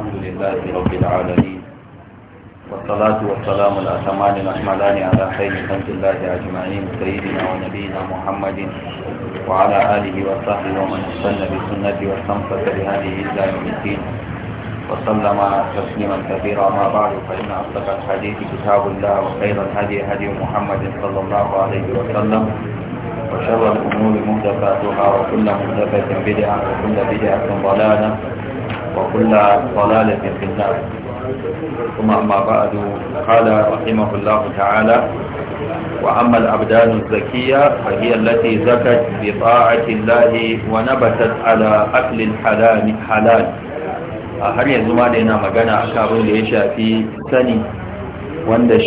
الحمد لله رب العالمين والصلاة والسلام الأتمان الأكملان على خير خلق الله أجمعين سيدنا ونبينا محمد وعلى آله وصحبه ومن استنى بسنة واستمسك بهذه الله يوم الدين وسلم تسليما كثيرا ما بعد فإن أصدق الحديث كتاب الله وخير الهدي هدي محمد صلى الله عليه وسلم وشر الأمور مهدفاتها وكل مهدفة بدعة وكل بدعة ضلالة وكل ضلالة في النار ثم أما بعد قال رحمه الله تعالى وأما الأبدان الزكية فهي التي زكت بطاعة الله ونبتت على أكل الحلال حلال har yanzu ma dai na magana a kabin da ya shafi sani wanda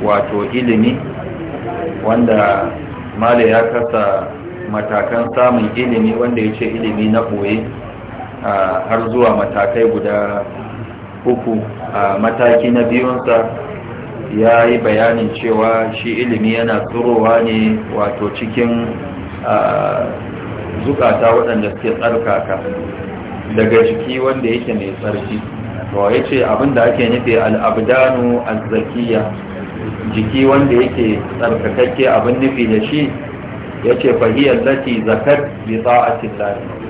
wato ilimi wanda mala ya kasa matakan samun ilimi wanda ya ce ilimi na ɓoye har zuwa matakai guda uku a mataki na biyunsa ya yi bayanin cewa shi ilimi yana tsurowa ne wato cikin zukata waɗanda suke tsarkaka daga jiki wanda yake mai tsarki wa ya ce abinda ake nufi al'abdanu azzakiya jiki wanda yake tsarkakakke abin nufi da shi ya ce fahiyar lati zakat bi a cikin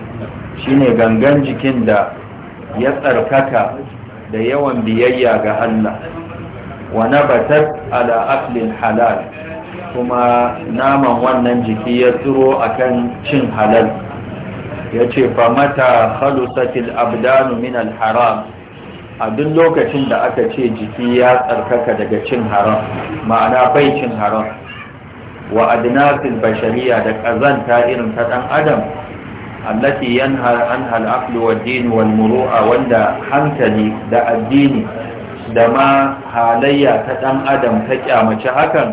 shine gangan jikin da ya tsarkaka da yawan biyayya ga Allah wa nabatat ala aklin halal kuma naman wannan jiki ya tsiro akan cin halal ya ce famata halusatil abdanu min haram a duk lokacin da aka ce jiki ya tsarkaka daga cin haram ma'ana bai cin haram wa adinatil bashariya da ƙazanta irin ta ɗan adam allati yanha anha al-aql wa din wal muru'a wanda hankali da addini da ma halayya ta dan adam ta kyamace hakan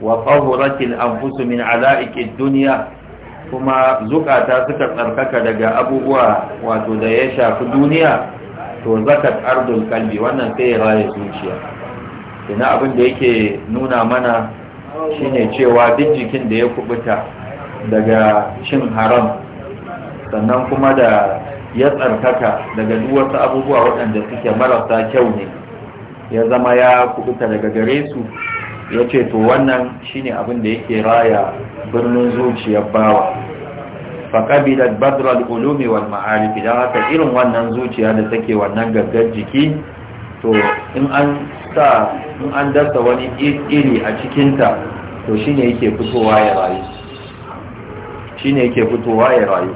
wa tahuratil anfus min ad dunya kuma zukata suka tsarkaka daga abubuwa wato da ya shafi duniya to zakat ardul kalbi wannan sai ya raye zuciya ina abin da yake nuna mana shine cewa duk jikin da ya kubuta daga cin haram sannan kuma da ya tsarkaka daga duk wasu abubuwa waɗanda suke marasa kyau ne ya zama ya kubuta daga gare su ya ce to wannan shine abin da yake raya birnin zuciyar bawa faƙabilar badral ulumi wal ma'arifi don haka irin wannan zuciya da take wannan gaggar jiki to in an dasa wani iri a cikinta to shine yake fitowa ya rayu shine yake fitowa ya rayu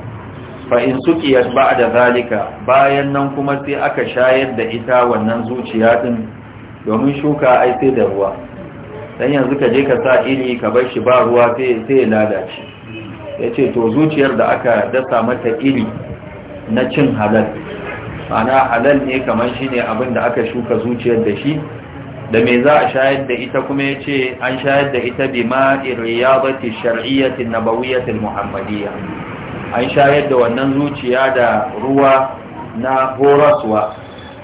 fa'in suki ya ba da zalika bayan nan kuma sai aka shayar da ita wannan zuciya ɗin domin shuka ai sai da ruwa don yanzu ka je ka sa iri ka bar shi ba ruwa sai ya lalace ya ce to zuciyar da aka dasa mata iri na cin halal Mana halal ne kamar shi ne abin da aka shuka zuciyar da shi da me za a shayar da ita kuma ya ce an shayar da ita bi ma'ir riyadati shar'iyyatin nabawiyyatin muhammadiyya an shayar da wannan zuciya da ruwa na horaswa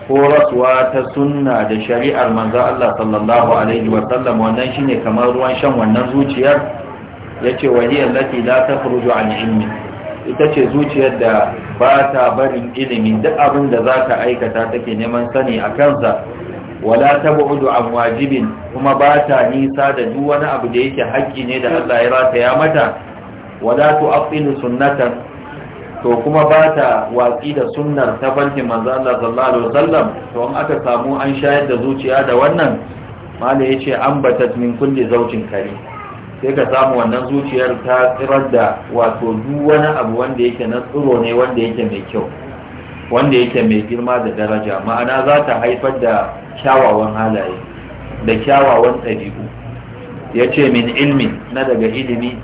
horaswa ta sunna da shari'ar manzo Allah sallallahu alaihi wa sallam wannan shine kamar ruwan shan wannan zuciyar yace wani allati la takhruju an ilmi ita ce zuciyar da ba ta barin ilimi duk abin da zaka aikata take neman sani a kansa wala tabu'du an wajibin kuma ba ta nisa da duk wani abu da yake haƙƙi ne da Allah ya rataya mata wala tu'attilu sunnatan to kuma ba ta watsi da sunnar ta banki manzo Allah sallallahu wasallam to in aka samu an shayar da zuciya da wannan malai yace batat min kulli zawjin kare. sai ka samu wannan zuciyar ta tsirar da wato duk wani abu wanda yake na tsiro ne wanda yake mai kyau wanda yake mai girma da daraja ma'ana za ta haifar da kyawawan halaye da kyawawan ɗabi'u ya ce min ilmi na daga ilimi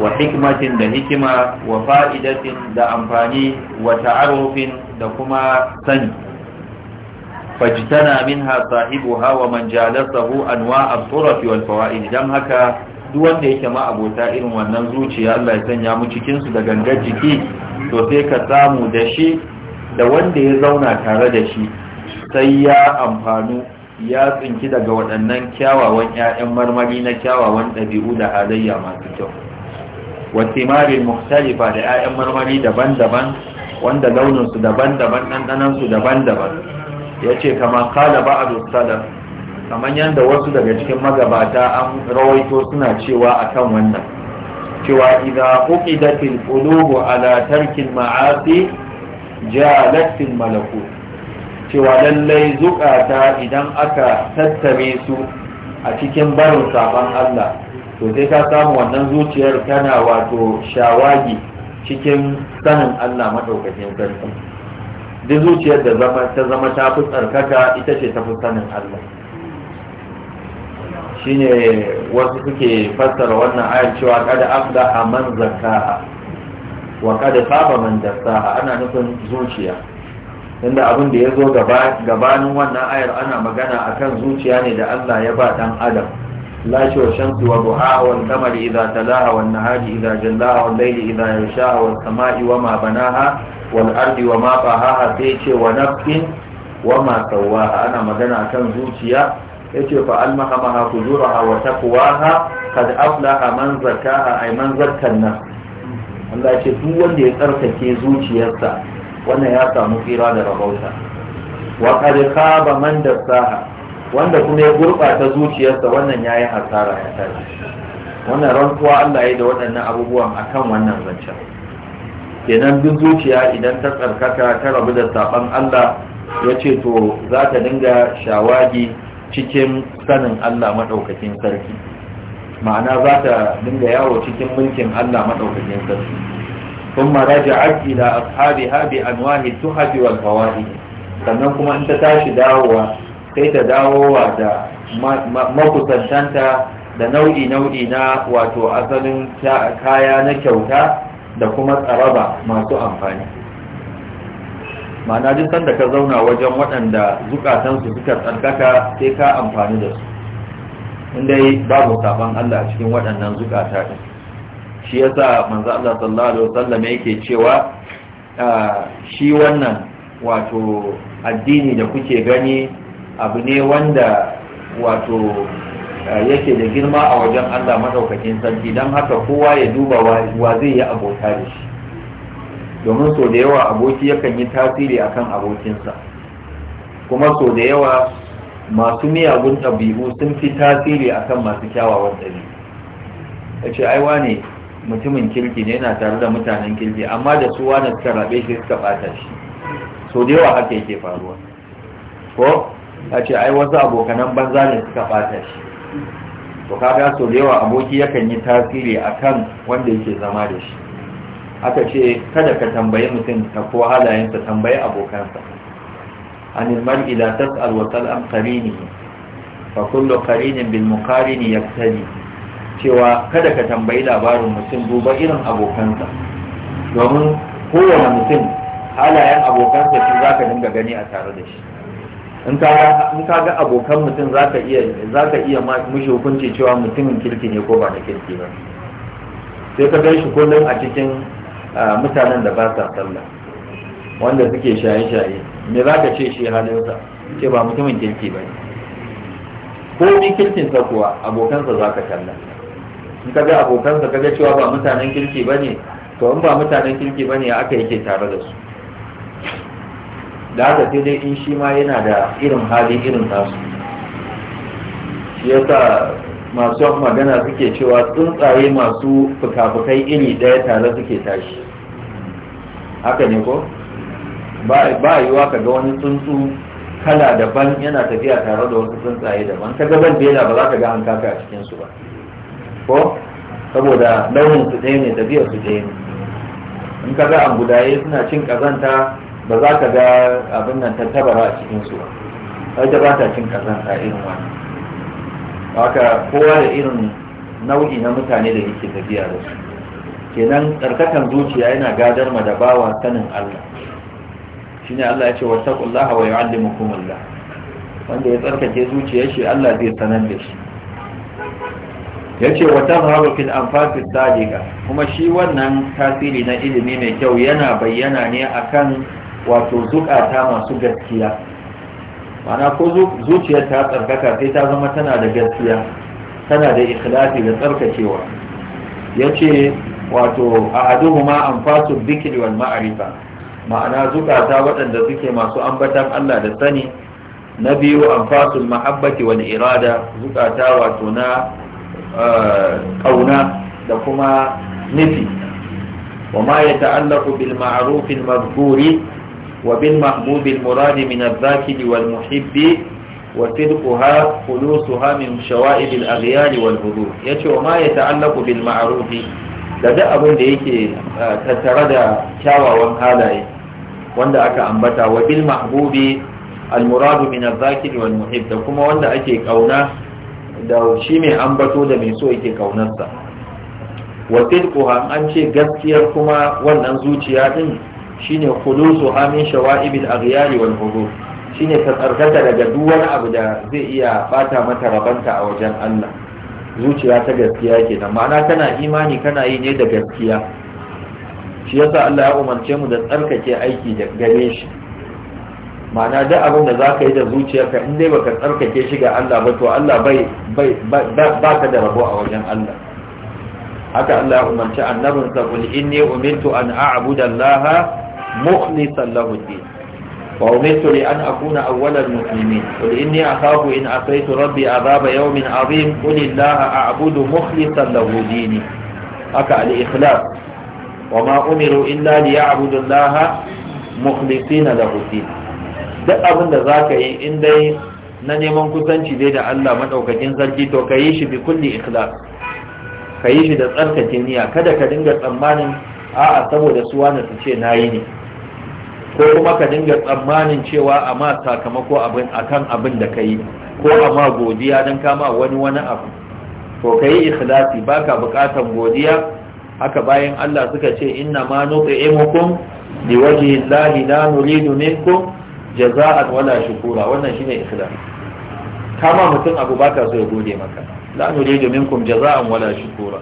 wa hikmatin da hikima wa fa'idatin da amfani wa ta'arufin da kuma sani fajtana minha sahibu hawa man jalasahu anwa'a turafi wal fawaid dan haka duk wanda yake ma abota irin wannan zuciya Allah ya sanya mu cikinsu da gangar jiki to sai ka samu da shi da wanda ya zauna tare da shi sai ya amfanu ya tsinki daga waɗannan kyawawan 'ya'yan marmari na kyawawan ɗabi'u da halayya masu kyau wasimarin muhtalifa da 'ya'yan marmari daban-daban wanda launinsu daban-daban ɗanɗanansu daban-daban ya ce kama kala ba a kamar yadda wasu daga cikin magabata an rawaito suna cewa akan wannan cewa idan uqidatil qulubu ala tarkil ma'asi jalatil malakut cewa lallai zukata idan aka tattare su a cikin barin saban Allah to sai ka samu wannan zuciyar kana wato shawagi cikin sanin Allah madaukakin sarki duk zuciyar da ta zama ta fi tsarkaka ita ce ta fi sanin Allah shine wasu suke fassara wannan ayar cewa kada afda a man zakka wa kada saba man dasa ana nufin zuciya inda abin da ya zo gabanin wannan ayar ana magana akan zuciya ne da Allah ya ba dan adam لا والشمس وضحاها والقمر إذا تلاها والنهار إذا جلاها والليل إذا يغشاها والسماء وما بناها والأرض وما طهاها تيتش ونفس وما سواها أنا مدنا كان زوجيا yace fa almahamaha fujuraha wa taqwaha kad aflaha man zakaha ay man zakkan nas Allah ce duk wanda ya tsarkake zuciyarsa wannan ya samu hira daga bauta. wa wanda kuma ya gurɓata zuciyarsa wannan ya yi hasara ya tare wannan rantsuwa Allah ya da waɗannan abubuwan akan wannan zancen kenan duk zuciya idan ta tsarkaka ta rabu da saɓan Allah ya ce to za ta dinga shawagi cikin sanin Allah maɗaukakin sarki ma'ana za ta dinga yawo cikin mulkin Allah maɗaukakin sarki ثم Habi, إلى Wahi tun التحف kawai. sannan kuma in ta tashi dawowa sai ta dawowa da makusantanta da nau'i-nau'i na wato asalin kaya na kyauta da kuma tsaraba masu amfani ma'ana duk sanda ka zauna wajen waɗanda zukatansu suka tsarkaka sai ka amfani da su inda babu sabon Allah cikin waɗannan zukata ɗin shi ya sa manzo Allah sallallahu alaihi wasallam yake cewa ah, shi wannan wato addini da kuke gani abu ne wanda wato eh, yake da girma a wajen Allah madaukakin sarki don haka kowa ya duba wa zai yi abota da shi domin so da yawa aboki yakan yi tasiri akan abokinsa kuma so da yawa masu miyagun ɗabi'u sun fi tasiri akan masu kyawawan ɗabi'u ya ce aiwa ne mutumin kirki ne yana tare da mutanen kirki amma da su wani suka rabe shi suka ɓata shi so da yawa haka yake faruwa ko ya ce ai wasu abokanan banza ne suka bata shi to kaga so da yawa aboki yakan yi tasiri a kan wanda yake zama da shi aka ce kada ka tambayi mutum ta ko halayensa tambayi abokansa anil mar'i la tas'al wa tal'am qarini fa kullu qarinin bil muqarini yaktadi cewa kada ka tambayi labarin mutum duba irin abokansa domin kowane mutum halayen abokansa shi zaka dinga gani a tare da shi in ka ga abokan mutum za ka iya mushi hukunci cewa mutumin kirki ne ko ba na kirki ba sai ka gan shi kullum a cikin mutanen da ba sa sallah wanda suke shaye-shaye me za ka ce shi halinsa ce ba mutumin kirki ba ne ko ni kirkinsa kuwa abokansa za ka kalla in ka ga abokansa ka ga cewa ba mutanen kirki ba ne to in ba mutanen kirki ba ne aka yake tare da su da haka sai dai in shi ma yana da irin hali irin nasu shi yasa masu magana suke cewa tsuntsaye masu fuka-fukai iri ɗaya tare suke tashi haka ne ko ba yiwa ka ga wani tsuntsu kala daban yana tafiya tare da wasu tsuntsaye daban ka gaban bela ba za ka ga an kaka a cikinsu ba ko saboda launin su ɗaya ne tafiyar su ɗaya ne in ka ga an gudaye suna cin kazanta ba za ka ga abin nan ta ba a cikin su ba da ba ta cin kasan a irin wani haka kowa da irin nau'i na mutane da yake tafiya da su kenan tsarkakan zuciya yana gadar ma da bawa sanin Allah ne Allah ya ce wattaqullaha wa Allah? wanda ya tsarkake zuciya shi Allah zai sanar da shi yace wata wata fil amfafin sadiqa kuma shi wannan tasiri na ilimi mai kyau yana bayyana ne akan wato zukata masu gaskiya mana ko zuciyar ta tsarkaka sai ta zama tana da gaskiya tana da ikhlasi da tsarkakewa yace wato ahaduhuma anfasu dhikri wal ma'arifa, ma'ana zukata waɗanda suke masu ambatan Allah da sani na biyu anfasul mahabbati wal irada zukata wato na kauna eh, da kuma nufi wa ma yata'allaqu bil ma'ruf al وبالمحبوب المراد من الذاكر والمحب وصدقها خلوصها من شوائب الأغيار والهدور يتي وما يتعلق بالمعروف لدى أبن ديك تتردى شاوى وانهالاي wanda aka ambata wa bil mahbubi al murad min al zakir wal muhib da kuma wanda ake kauna da shi mai ambato da mai so yake ƙaunarsa. wa tilquha gaskiyar kuma wannan zuciya din shine khulusu hamin shawa'ibil aghyari wal hudur shine ta tsarkata daga duk wani abu da zai iya bata mata rabanta a wajen Allah zuciya ta gaskiya kenan ma'ana kana imani kana yi ne da gaskiya shi yasa Allah ya umarce mu da tsarkake aiki da gare shi ma'ana duk abin da zaka yi da zuciyarka in dai baka tsarkake shi ga Allah ba to Allah bai ba ka da rabo a wajen Allah haka Allah ya umarci annabinsa qul inni umirtu an a'budallaha مخلصا له الدين وأمرت لأن أكون أول المسلمين قل إني أخاف إن أتيت ربي عذاب يوم عظيم قل الله أعبد مخلصا له ديني أكا الإخلاص وما أمروا إلا ليعبدوا الله مخلصين له الدين duk abin da za ka yi in dai na neman kusanci dai da Allah maɗaukakin zargi, to ka yi shi bi kulli ikhlas ka yi shi da tsarkake niyya kada ka dinga tsammanin a'a saboda su wani su ce nayi ne ko kuma ka dinga tsammanin cewa a ma sakamako abin akan abin da ka yi ko a ma godiya don kama wani wani abu to ka yi ikhlasi ka bukatan godiya haka bayan Allah suka ce inna ma nut'imukum liwajhi llahi la nuridu minkum jaza'an wala shukura wannan shine ikhlas kama mutum abu baka so ya gode maka la nuridu minkum jaza'an wala shukura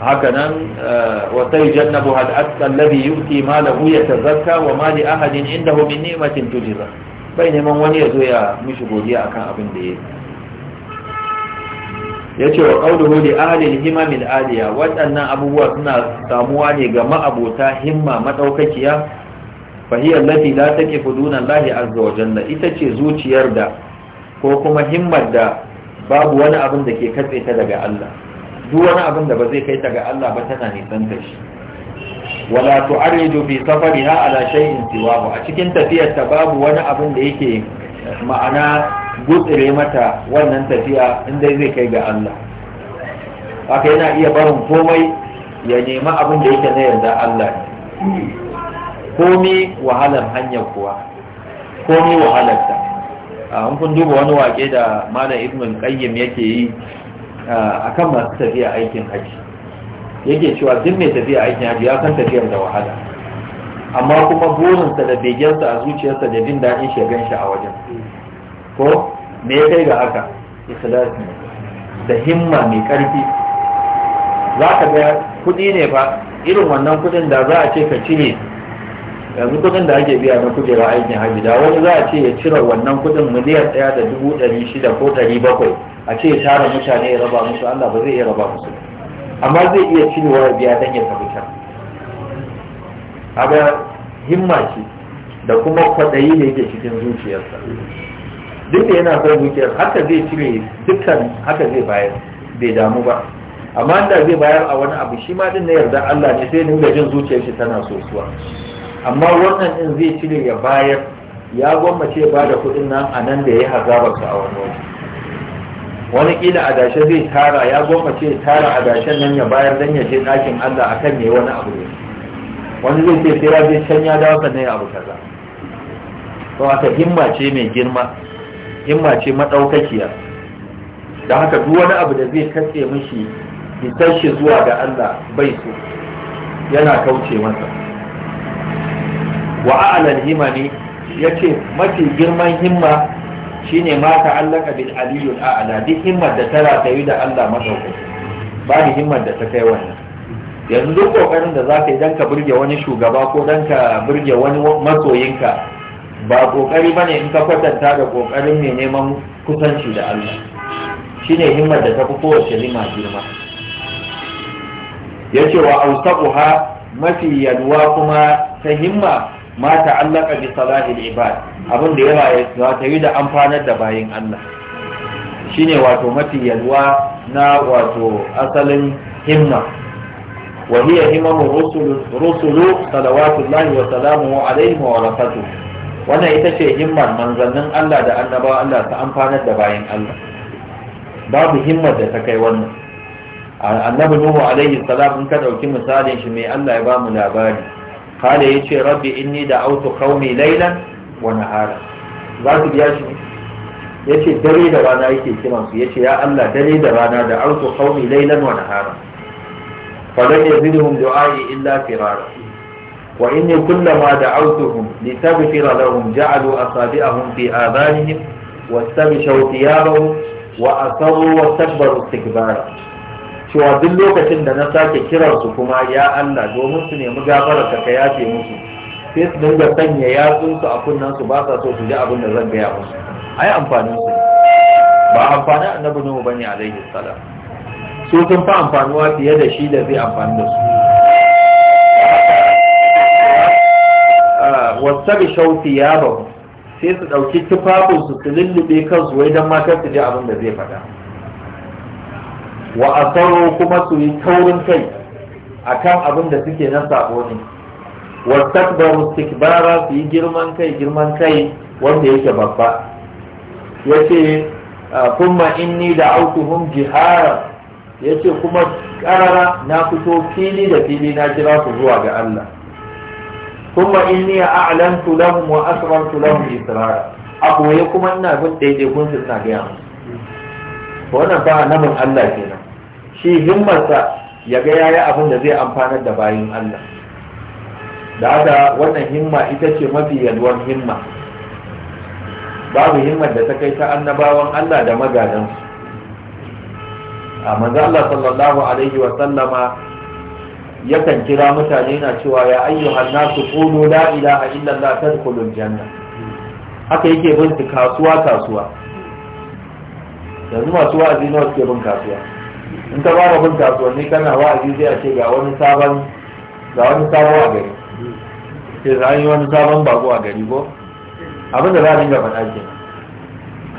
hakanan eh, wa sai jannabu hal aska alladhi yuti ma lahu yatazakka wa mali li ahadin indahu min ni'matin tujza bai neman wani ya zo ya mishi godiya akan abin da yake yace wa qawluhu li ahli al-himam min aliya wadannan abubuwa suna samuwa ne ga ma'abota himma madaukakiya fa hiya allati la taqifu duna allahi azza wa ita ce zuciyar da ko kuma himmar da babu wani abin da ke katse ta daga Allah duk wani abin da ba zai kai ta ga Allah ba tana nisan ta shi wala tu'aridu fi safariha ala shay'in siwahu a cikin tafiyar ta babu wani abin da yake ma'ana gutsire mata wannan tafiya in dai zai kai ga Allah haka yana iya barin komai ya nemi abin da yake na yarda Allah komi wahalar hanyar kuwa komi wahalar ta an kun duba wani wake da malam ibn qayyim yake yi akan masu tafiya aikin haji yake cewa duk mai tafiya aikin haji ya san tafiyar da wahala amma kuma burinsa da begensa a zuciyarsa da jin daɗin shagan shi a wajen ko me ya kai ga haka ikhlasi da himma mai ƙarfi za ka ga kuɗi ne ba irin wannan kuɗin da za a ce ka cire yanzu kuɗin da ake biya na kujera aikin hajji da wani za a ce ya cire wannan kuɗin miliyan ɗaya da dubu ɗari shida ko ɗari bakwai a ce tara mutane ya raba musu Allah ba zai iya raba musu amma zai iya cinewa ya biya dan ya tafi can aga himma ce da kuma kwaɗayi da yake cikin zuciyarsa duk da yana son zuciyar haka zai cire dukkan haka zai bayar bai damu ba amma da zai bayar a wani abu shi ma din na yarda Allah ne sai dinga jin zuciyar shi tana suwa amma wannan din zai cire ya bayar ya gwammace ba da kuɗin nan a nan da ya hazabarsa a wani waje wani kila adashe zai tara ya goma ce tara adashen nan ya bayar dan ya je dakin Allah akan ya wani abu ne wani zai ce sai ya je can ya dawo sannan ya abu kaza to aka himma ce mai girma himma ce madaukakiya da haka duk wani abu da zai katse mishi isar shi zuwa ga Allah bai so yana kauce masa wa a'lal himani yace mafi girman himma shine ma allaka bil aliyul a'la duk himmar da tara ta yi da Allah madaukaki ni himmar da ta kai wannan yanzu duk kokarin da zaka yi dan ka burge wani shugaba ko dan ka burge wani masoyinka ba kokari bane in ka kwatanta da kokarin mai neman kusanci da Allah shine himmar da ta fi kowace lima girma yace wa ausaquha mafi yalwa kuma ta himma ma ta'allaka bi salahil ibad abin da yawa ya wata yi da amfanar da bayin Allah shine wato mafi yalwa na wato asalin himma wa hiya himamu rusulu Salawatu: salawatullahi wa salamu alaihim wa barakatuh wannan ita ce himmar manzannin Allah da annabawa Allah ta amfanar da bayin Allah babu himmar da ta kai wannan annabi nuhu alaihi salam in ka dauki misalin shi mai Allah ya bamu labari kale yace rabbi inni da'awtu qaumi laylan wani hara za su biya shi ya ce dare da rana yake kiransu ya ce ya Allah dare da rana da arzu kauni lailan wani hara falon ya zirhun du'a'i illa firara wa inni ma da arzuhum li tabfira lahum a asabi'ahum fi adhanihim wastabshaw thiyabahum wa a asarru wastakbaru istikbara cewa duk lokacin da na sake kiransu kuma ya Allah domin su nemi gafara ka yafe musu sai su dinga sanya yatsunsu a kunnansu ba sa so su ji abin da zan gaya musu a yi amfanin su ba amfani annabi nuhu bane alaihi salam su sun fi amfanuwa fiye da shi da zai amfani da su ah, wasa bi shauti ya ba sai su ɗauki tufafinsu su lullube kansu wai don matar su ji abin da zai faɗa wa asaro kuma su yi taurin kai akan abin da suke na sabo ne wastakbaru istikbara su yi girman kai girman kai wanda yake babba yace kuma inni da'awtuhum jihara yace kuma karara na fito fili da fili na jira ku zuwa ga Allah kuma inni a'lantu lahum wa asrartu lahum israra a koye kuma ina bin daidaikun su na gaya musu wannan ba annabin Allah kenan shi himmarsa ya ga yayi abin da zai amfana da bayin Allah da haka wannan himma ita ce mafi yalwar himma babu himmar da ta kai ta annabawan Allah da magadansu a manzo Allah sallallahu alaihi wa sallama yakan kira mutane na cewa ya ayyuhan nasu qulu la ilaha illa Allah tadkhulul janna haka yake bin kasuwa kasuwa yanzu masu wa'azi nawa suke bin kasuwa in ka fara bin kasuwa ne kana wa'azi zai a ce ga wani sabon ga wani sabon a gari sai za a yi wani sabon bako a gari ko abin da za a dinga faɗa ke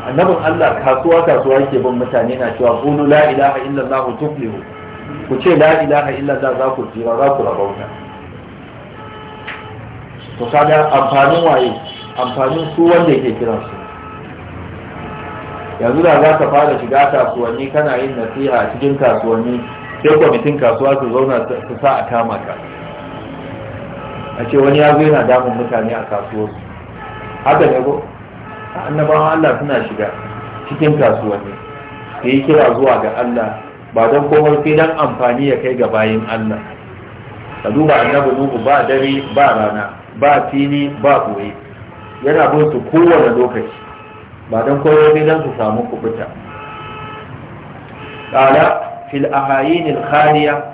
annabin Allah kasuwa kasuwa yake bin mutane na cewa qulu la ilaha illallah tuflihu ku ce la ilaha illallah za ku tsira za ku rabauta to kaga amfanin waye amfanin su wanda yake kiran su yanzu da za ka fara shiga kasuwanni kana yin nasiha a cikin kasuwanni sai kwamitin kasuwa su zauna su sa a kama ka a ce wani ya zo yana damun mutane a kasuwarsu haka ne ko annabawan Allah suna shiga cikin kasuwanni su yi kira zuwa ga Allah ba don komai sai don amfani ya kai ga bayan Allah ka duba annabi nuhu ba dare ba rana ba fili ba ɓoye yana bin su kowane lokaci ba don komai sai don su samu kubuta qala fil ahayin al khaliya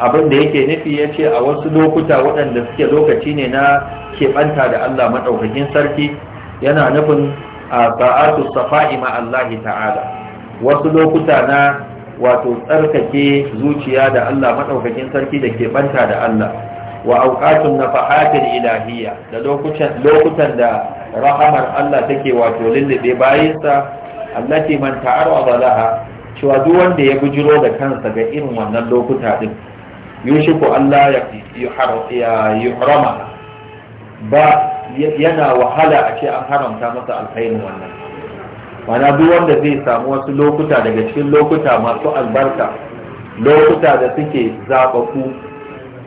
abin da yake nufi ya ce a wasu lokuta waɗanda suke lokaci ne na keɓanta da Allah maɗaukakin sarki yana nufin a ba'atu safa'i ma Allah ta'ala wasu lokuta na wato tsarkake zuciya da Allah maɗaukakin sarki da keɓanta da Allah wa na nafahatil ilahiyya da lokutan da rahamar Allah take wato lullube bayansa allati man ta'arrada laha cewa duk wanda ya bujiro da kansa ga irin wannan lokuta din yushiku Allah ya yuhrama ba yana wahala a ce an haramta masa alkhairin wannan wana duk wanda zai samu wasu lokuta daga cikin lokuta masu albarka lokuta da suke zaɓaɓu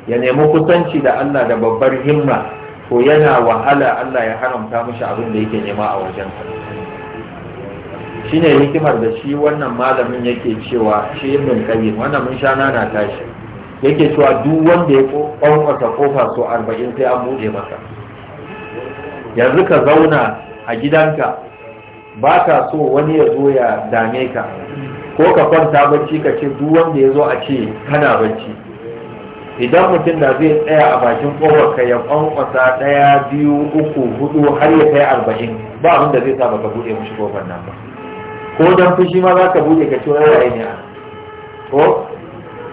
ya nemi kusanci da Allah da babbar himma ko yana wahala Allah ya haramta mishi abin da yake nema a wajen shine hikimar da shi wannan malamin yake cewa shi ibn qayyim wannan mun sha tashi yake cewa duk wanda ya kwankwata kofa so arba'in sai an buɗe masa yanzu ka zauna a gidanka ba ka so wani ya zo ya dame ka ko ka kwanta bacci ka ce duk wanda ya zo a ce kana bacci idan mutum da zai tsaya a bakin kofar ka ya kwankwasa ɗaya biyu uku hudu har ya kai arba'in ba abin da zai sa baka buɗe mishi kofar nan ba ko dan fushi ma za ka buɗe ka ce wani ne a ko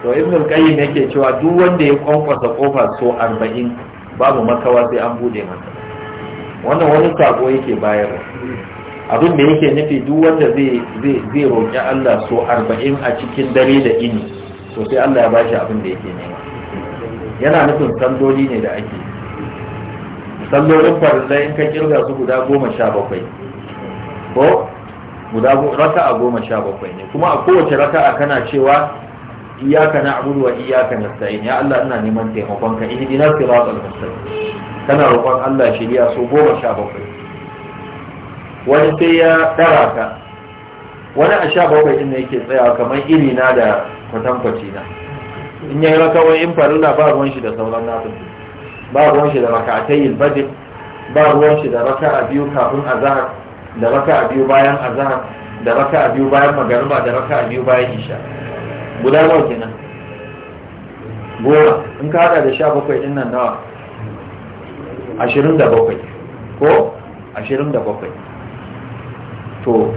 to ibn al-qayyim yake cewa duk wanda ya kwankwasa kofa so 40 babu makawa sai an bude masa wannan wani sako yake bayarwa abin da yake nufi duk wanda zai zai roƙi Allah so 40 a cikin dare da ini to sai Allah ya bashi abin da yake nema yana nufin sandoli ne da ake sallolin farilla in ka kirga su guda goma sha bakwai ko guda raka'a goma sha bakwai ne kuma a kowace raka'a kana cewa iyyaka na'budu wa iyyaka nasta'in ya Allah ina neman taimakon ka ihdina siratal mustaqim kana roƙon Allah shiriya so goma sha bakwai wani sai ya dara ka wani a sha bakwai din yake tsaya kamar iri na da kwatankwaci na in yayi rakawai in farilla ba ruwan shi da sauran nafil ba ruwan shi da raka'atayil badr ba ruwan shi da raka'a biyu kafin azhar da raka'a biyu bayan azhar da raka'a biyu bayan magariba da raka'a biyu bayan isha guda nawa kenan goma in ka hada da sha bakwai din nan nawa ashirin da bakwai ko ashirin da bakwai to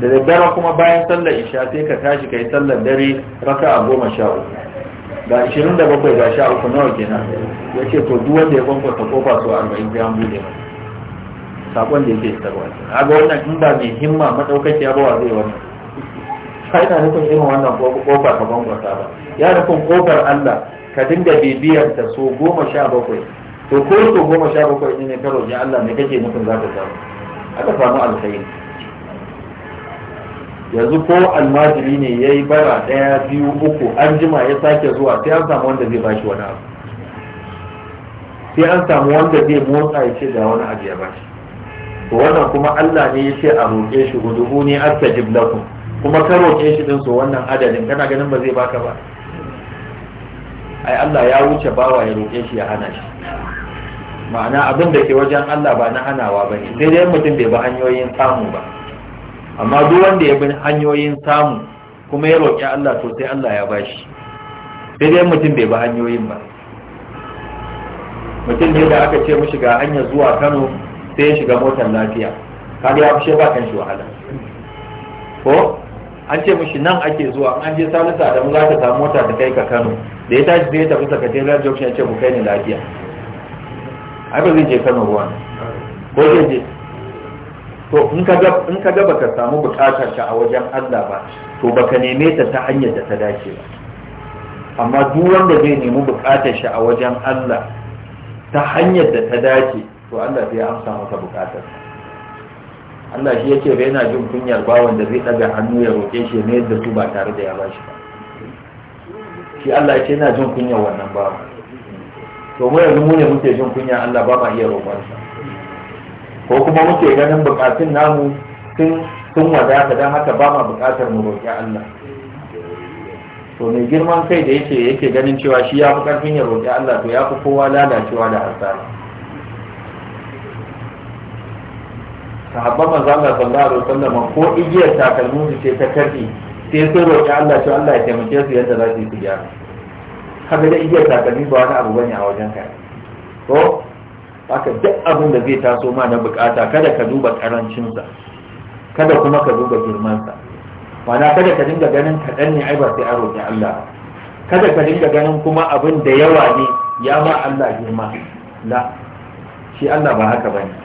da daddama kuma bayan sallar isha sai ka tashi ka yi sallar dare raka a goma sha uku ga ashirin da bakwai ga sha uku nawa kenan ya ce to duk wanda ya kwankwata kofa su arba'in ya bude ma sakon da yake isarwa a ga wannan in ba mai himma maɗaukaki ya bawa zai wannan ba ina nufin irin wannan kofar ka bangwata ba ya nufin kofar Allah ka dinga bibiyar ta so goma sha bakwai to ko so goma sha bakwai ne ka roƙi Allah ne kake nufin za ka samu aka samu alkhairi yanzu ko almajiri ne ya yi bara ɗaya biyu uku an jima ya sake zuwa sai an samu wanda zai bashi wani abu sai an samu wanda zai motsa ya ce da wani abu ya bashi to wannan kuma Allah ne ya ce a roƙe shi gudu ne astajib lakum kuma ka roƙe shi din so wannan adadin kana ganin ba zai baka ba ai Allah ya wuce bawa ya roƙe shi ya hana shi ma'ana abin da ke wajen Allah ba na hanawa ba ne sai dai mutum bai bi hanyoyin samu ba amma duk wanda ya bi hanyoyin samu kuma ya roƙi Allah to sai Allah ya bashi sai dai mutum bai bi hanyoyin ba mutum ne da aka ce mishi ga hanyar zuwa Kano sai ya shiga motar lafiya kaga ya fushe ba kan shi wahala ko an ce mishi nan ake zuwa an je salisa da za ta samu mota da kai ka kano da ya tashi zai tafi sakataren jokshin ya ce ku kai ni lafiya ai ba zai je kano ruwan ko zai je to in ka ga baka samu bukatar ka a wajen allah ba to baka neme ta ta hanyar da ta dace ba amma duk wanda zai nemi bukatar shi a wajen allah ta hanyar da ta dace to allah zai amsa masa bukatarsa Allah shi yake ba yana jin kunyar bawan da zai daga hannu ya roƙe shi ne da su ba tare da ya ba shi ba shi Allah yake yana jin kunyar wannan bawan to mu yanzu mu ne muke jin kunyar Allah ba ma iya roƙon sa ko kuma muke ganin bukatun namu sun sun wadata don haka ba ma bukatar mu roƙi Allah to mai girman kai da yake yake ganin cewa shi ya fi ƙarfin ya roƙi Allah to ya fi kowa lalacewa da hasara sahabban manzo Allah sallallahu alaihi wasallam ko igiyar takalmin su ce ta karfi sai sun roƙi Allah shi Allah ya taimake su yadda za su yi su gyara kaga da igiyar takalmi ba wani abu bane a wajen ka ko haka duk abin da zai taso ma na bukata kada ka duba sa kada kuma ka duba sa mana kada ka dinga ganin kaɗan ne ai ba sai a roƙi Allah kada ka dinga ganin kuma abin da yawa ne ya ma Allah girma la shi Allah ba haka bane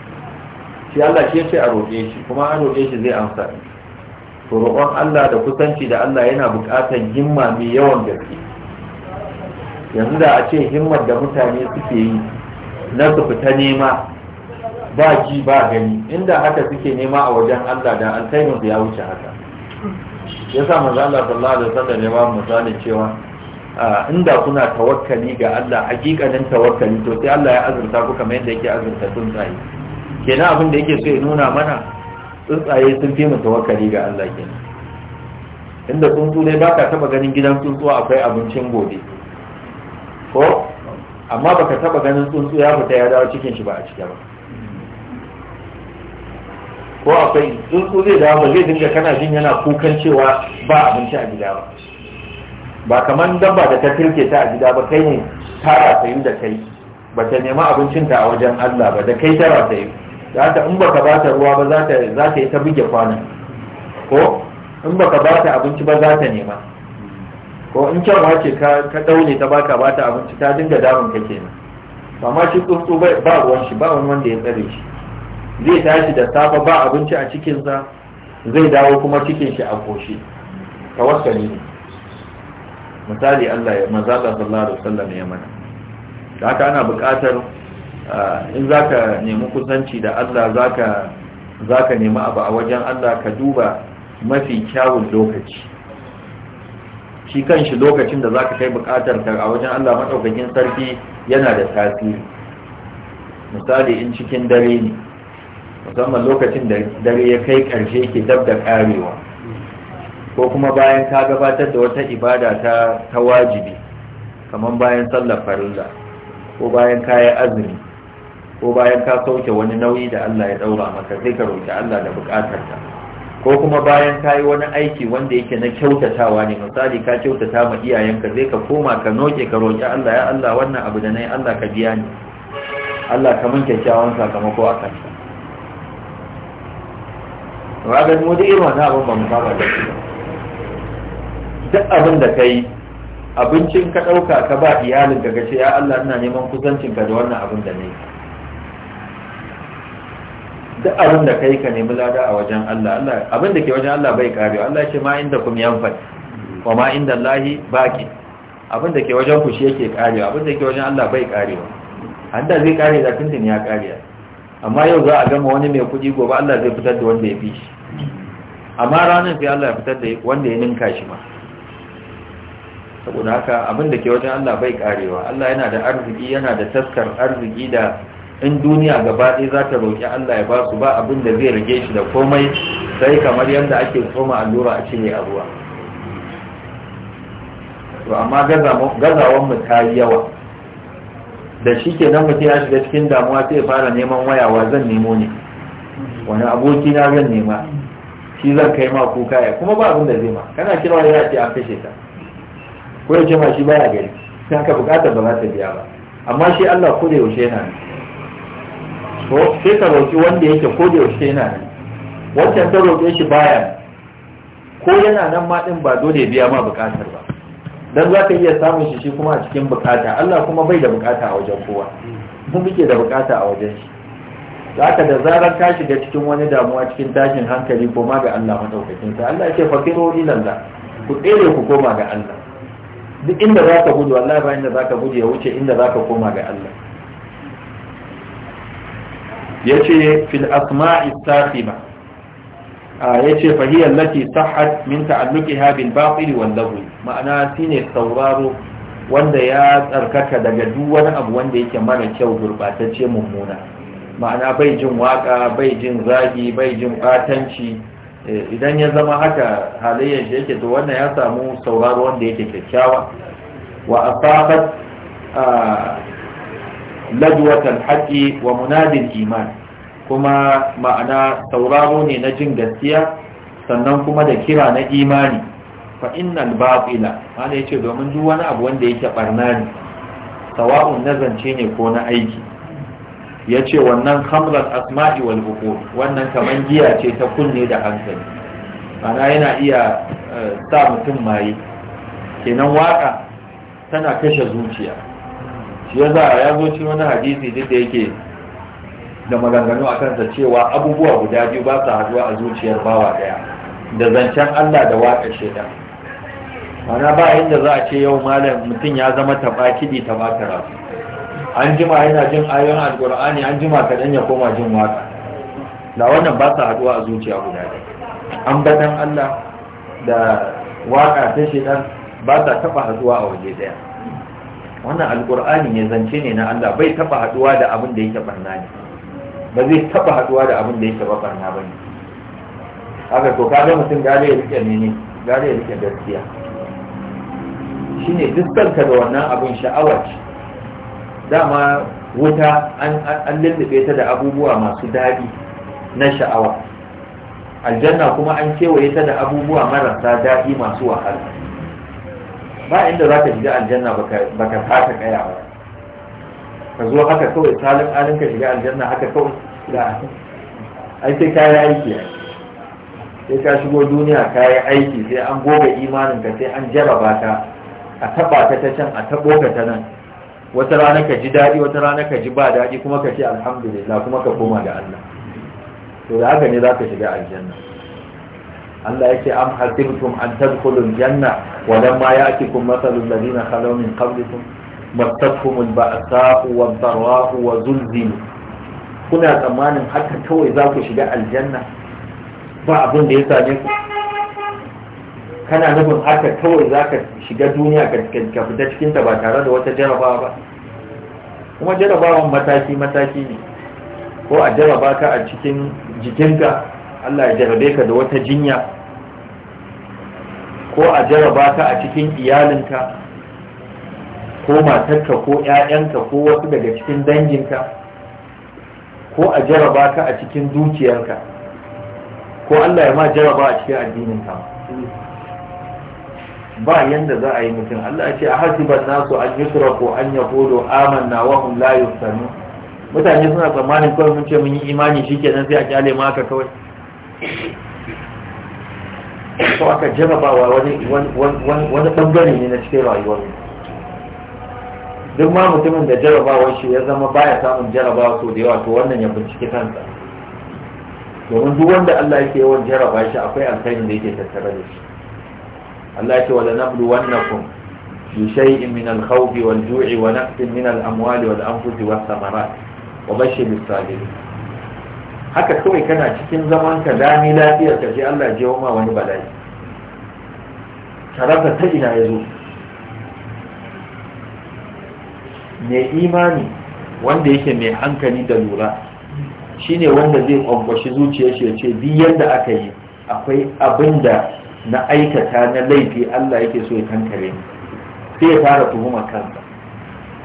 shi Allah shi ce a roƙe shi kuma an roƙe shi zai amsa to roƙon Allah da kusanci da Allah yana buƙatar himma mai yawan gaske yanzu da a ce himmar da mutane suke yi na su fita nema ba ji ba gani inda haka suke nema a wajen Allah da alkhairin ya wuce haka yasa manzo Allah sallallahu alaihi wasallam ya ba mu misali cewa inda kuna tawakkali ga Allah hakikanin tawakkali to sai Allah ya azurta ku kamar yadda yake azurta tsuntsaye kenan abin da yake so ya nuna mana tsuntsaye sun fi mu tawakkali ga Allah kenan inda tsuntsu dai baka taba ganin gidan tsuntsu akwai abincin gobe ko amma baka taba ganin tsuntsu ya fita ya dawo cikin shi ba a cike ba ko akwai tsuntsu zai dawo ba zai dinga kana jin yana kukan cewa ba abinci a gida ba ba kamar dabba da ta kirke ta a gida ba kai ne ta rasayu da kai ba ta nema abincinta a wajen Allah ba da kai ta rasayu za ta in baka ba ta ruwa ba za ta za ta yi ta buge kwanan ko in baka ba ta abinci ba za ta nema ko in kyanwa ce ka daure ta baka ba ta abinci ta dinga damun ka kenan ma shi tsuntsu ba ruwan shi ba wani wanda ya tsare shi zai tashi da safe ba abinci a cikinsa zai dawo kuma cikin shi a koshi tawassali ne misali Allah ya manzo Allah sallallahu alaihi wasallam ya mana da haka ana buƙatar in za ka nemi kusanci da Allah za ka nemi abu a wajen Allah ka duba mafi kyawun lokaci shi kan shi lokacin da za ka kai bukatar ka a wajen Allah maɗaukakin sarki yana da tasiri misali in cikin dare ne musamman lokacin da dare ya kai ƙarshe ke dab da ƙarewa ko kuma bayan ka gabatar da wata ibada ta wajibi kamar bayan sallar farilla ko bayan kayan azumi ko bayan ka sauke wani nauyi da Allah ya daura maka sai ka roki Allah da bukatarka ko kuma bayan ka yi wani aiki wanda yake na kyautatawa ne misali ka kyautata ma iyayenka zai ka koma ka noke ka roki Allah ya Allah wannan abu da nayi Allah ka biya ni Allah ka mun kyakkyawan sakamako a kansa ragar mu dai irin wannan abin ba mu saba da shi duk abin da kai abincin ka ɗauka ka ba iyalin ka ce ya Allah ina neman kusancinka da wannan abin da nayi duk abin da kai ka nemi lada a wajen Allah Allah abin da ke wajen Allah bai karewa Allah ya ce ma inda kum yanfa. wa ma inda Allahi baki. abin da ke wajen ku shi yake karewa abin da ke wajen Allah bai karewa anda zai kare da tuntun ya kare amma yau za a gama wani mai kuɗi gobe Allah zai fitar da wanda ya fi shi amma ranar sai Allah ya fitar da wanda ya ninka shi ma saboda haka abin da ke wajen Allah bai karewa Allah yana da arziki yana da taskar arziki da in duniya gaba ɗaya za ta roƙi Allah ya ba su ba abin da zai rage shi da komai sai kamar yadda ake tsoma allura a cire a ruwa to amma gazawan mu ta yi yawa da shi ke nan mutum ya shiga cikin damuwa sai fara neman wayawa zan nemo ne wani aboki na zan nema shi zan kai ma kuka ya kuma ba abin da zai ma kana kira wani ya ce an kashe ta ko ya ce ma shi baya gari sai ka bukatar ba za ta biya ba amma shi Allah ko da yaushe yana ne to sai ka roƙi wanda yake ko da yaushe yana nan wancan ta roƙe shi baya ko yana nan ma din ba dole biya ma bukatar ba dan za ka iya samun shi shi kuma a cikin bukata Allah kuma bai da bukata a wajen kowa mu muke da bukata a wajen shi haka da zarar ka shiga cikin wani damuwa cikin tashin hankali koma ga Allah madaukakin sa Allah yake fakiru ilallah ku tsere ku koma ga Allah duk inda zaka gudu wallahi ba inda zaka gudu ya wuce inda zaka koma ga Allah yace fil asma'i sakhima yace fa hiya allati sahhat min ta'alluqiha bil batil wanda lahwi ma'ana shine sauraro wanda ya tsarkaka daga duk wani abu wanda yake mara kyau gurbatacce mummuna ma'ana bai jin waka bai jin zagi bai jin batanci eh, idan ya zama haka halayyar shi yake to wannan ya samu sauraro wanda yake kyakkyawa wa asabat ladwat haƙƙi wa munadil iman kuma ma'ana tauraro ne na jin gaskiya sannan kuma da kira na imani fa innal batila wanda yace domin duk wani abu wanda yake barna ne sawa'un nazance ne ko na aiki yace wannan khamrat asma'i wal wannan kaman giya ce ta kunne da hankali ana yana iya eh, sa mutum maye kenan waka tana kashe zuciya shi yasa ya zo ci wani hadisi duk da yake da maganganu a kansa cewa abubuwa guda biyu ba su haduwa a zuciyar bawa daya da zancen Allah da waƙar sheda. mana ba inda za a ce yau malam mutum ya zama taba ta baka rasu an jima yana jin ayoyin alƙur'ani an jima kaɗan ya koma jin waƙa da wannan ba su haduwa a zuciya guda biyu. an batan Allah da waƙa ta shaidan ba ta taɓa haduwa a waje ɗaya wannan alƙur'ani ne zance ne na Allah bai taɓa haduwa da abin da yake barna ne ba zai taba haduwa da abin da yake ba barna bane haka to kaga mutum gare ya rike ne gare ya rike gaskiya shine ne ka da wannan abin sha'awar dama wuta an lullube ta da abubuwa masu daɗi na sha'awa aljanna kuma an kewaye ta da abubuwa marasa daɗi masu wahala ba inda za ka shiga aljanna baka fata kaya ba ka zo haka kawai talin alin ka shiga aljanna haka kawai da ai sai yi aiki sai ka shigo duniya yi aiki sai an goga imanin ka sai an jaraba ka a taba ka ta can a tabo ka ta nan wata rana ka ji daɗi wata rana ka ji ba daɗi kuma ka ce alhamdulillah kuma ka koma ga Allah to da haka ne za ka shiga aljanna Allah yake am hasibtum an tadkhulul janna wa lamma ya'tikum mathalul ladina khalaw min qablikum مستهم البأساء والضراء وزلزلوا كنا تمانا حتى تو إذا شجاء الجنة بعض ليس لكم كان نبن حتى تو إذا شجاء دنيا كفتش كنت باتارد وتجربة بقى kuma jarabawan mataki-mataki ne ko a jaraba ka a cikin jikinka Allah ya jarabe ka da wata jinya ko a jaraba ka a cikin iyalinka ko matarka ko 'ya'yanka ko wasu daga cikin danginka ko a jaraba ka a cikin dukiyarka ko Allah ya ma jaraba a cikin addininka ba yanda za a yi mutum Allah ya ce a hasiban nasu an ko an yaqulu amanna wa hum la sanu. mutane suna tsammanin kawai mun ce mun yi imani shikenan sai a kyale ma haka kawai ko aka jaraba wa wani wani bangare ne na cikin rayuwar mu duk ma mutumin da jarabawar shi ya zama baya samun jarabawa so da yawa to wannan ya binciki kansa domin duk wanda Allah yake yawan jaraba shi akwai alkhairin da yake tattare da shi Allah yake wala nablu wannakum bi shay'in min al-khawf wal-ju'i wa naqsin min al-amwali wal-anfusi was-samarat wa bashshir as haka kawai kana cikin zaman ka lafiyar ka sai Allah ya jawo ma wani bala'i Karasa ta ina ya zo mai imani wanda yake mai hankali da lura shi ne wanda zai kwamfashi zuciya shi ya ce duk yadda aka yi akwai abin da na aikata na laifi Allah yake so ya kankare ni sai ya fara tuhumar kansa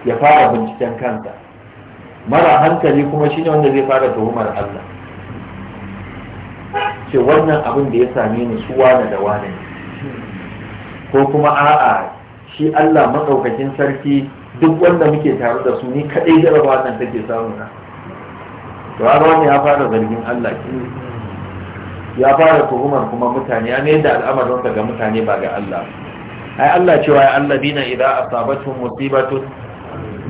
ya fara binciken kansa mara hankali kuma shi ne wanda zai fara tuhumar Allah ce wannan abin da ya same ni su wane da wane ko kuma a'a shi Allah maɗaukakin sarki duk wanda muke tare da su ni kadai jarabawa nan take samu na to har wani ya fara zargin Allah ki. ya fara tuhumar kuma mutane ya ne da al'amarin ga mutane ba ga Allah ai Allah cewa ya alladina idza asabatuhum musibatun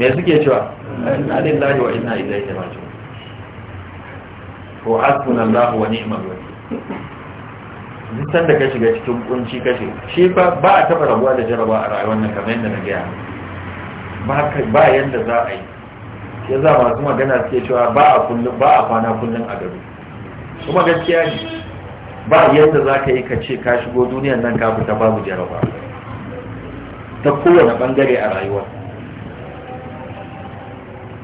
me suke cewa inna lillahi wa inna ilaihi raji'un ko hasbunallahu wa ni'mal wakeel duk sanda ka shiga cikin kunci kashe shi ba a taba rabuwa da jaraba a rayuwar nan kamar yadda na gaya ba yadda za a yi ya za masu magana suke cewa ba a kullum ba a kwana kullum a gado kuma gaskiya ne ba yadda za ka yi ka ce ka shigo duniyar nan ka fita babu jaraba ta kowane bangare a rayuwa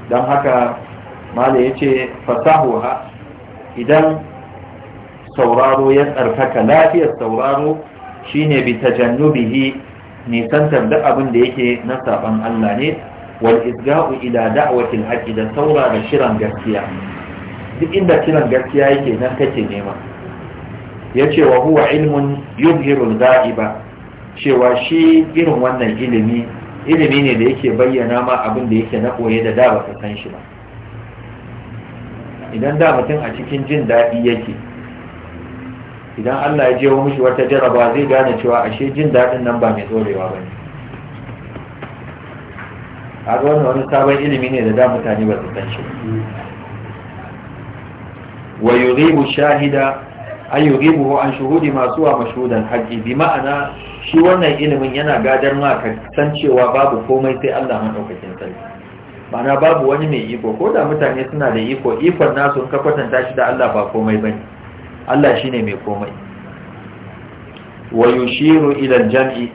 don haka mala ya ce ha idan sauraro ya tsarkaka lafiyar sauraro shine bi tajannubihi nisantar da abin da yake na saban Allah ne wal isga'u ila da'watil haqqi da saura da shirin gaskiya duk inda kiran gaskiya yake nan kake nema yace wa huwa ilmun yubhiru al-ghaiba cewa shi irin wannan ilimi ilimi ne da yake bayyana ma abin da yake na koye da da ba san shi ba idan da mutum a cikin jin daɗi yake idan Allah ya jewo mishi wata jaraba zai gane cewa ashe jin daɗin nan ba mai tsorewa ba ne a ga wani sabon ilimi ne da da mutane ba su san shi wa yughibu shahida an yughibuhu an shuhudi masu wa mashhudan haqqi bi ma'ana shi wannan ilimin yana gadar ma ka san cewa babu komai sai Allah madaukakin sarki ma'ana babu wani mai iko ko da mutane suna da iko ikon nasu ka kwatanta shi da Allah ba komai bane Allah shi ne mai komai wa yushiru ila jam'i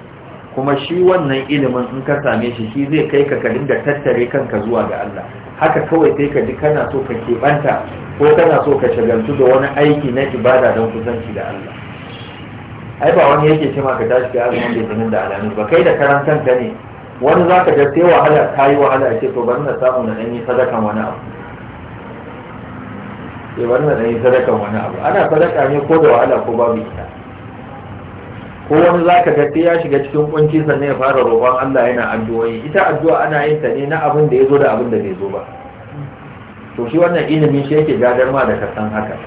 kuma shi wannan ilimin in ka same shi shi zai kai ka ka da tattare kanka zuwa ga Allah haka kawai sai ka ji kana so ka keɓanta ko kana so ka shagaltu da wani aiki na ibada don kusanci da Allah ai ba wani yake ce ka tashi ka azumin litinin da alamu ba kai da karan ne wani zaka ga sai wahala ta yi wahala ce to bari na samu na ɗan yi sadakan wani abu sai bari na yi sadakan wani abu ana sadaka ne ko da wahala ko babu ita ko wani za ka ga ya shiga cikin kunci sannan ya fara roƙon Allah yana addu'o'i ita addu'a ana yin ta ne na abin da ya zo da abin da bai zo ba to shi wannan ilimi shi yake gadar ma da kasan haka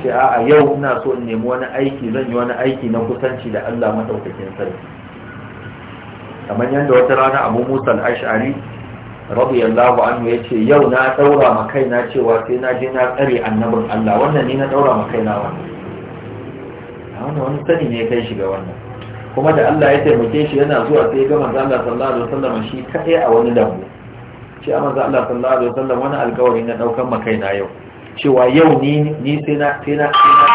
ce a yau ina so in nemi wani aiki zan yi wani aiki na kusanci da Allah madaukakin sarki kamar yadda wata rana Abu Musa al-Ash'ari Rabi yallahu anhu yace yau na daura ma kaina cewa sai na je na tsare annabin Allah wannan ne na daura ma kaina wannan wannan wani sani ne kai shi ga wannan kuma da Allah ya taimake shi yana zuwa sai ga manzo Allah sallallahu alaihi wasallam shi kadai a wani lambu ce a manzo Allah sallallahu alaihi wasallam wani alƙawari na daukan ma kaina yau cewa yau ni ni sai na sai na sai na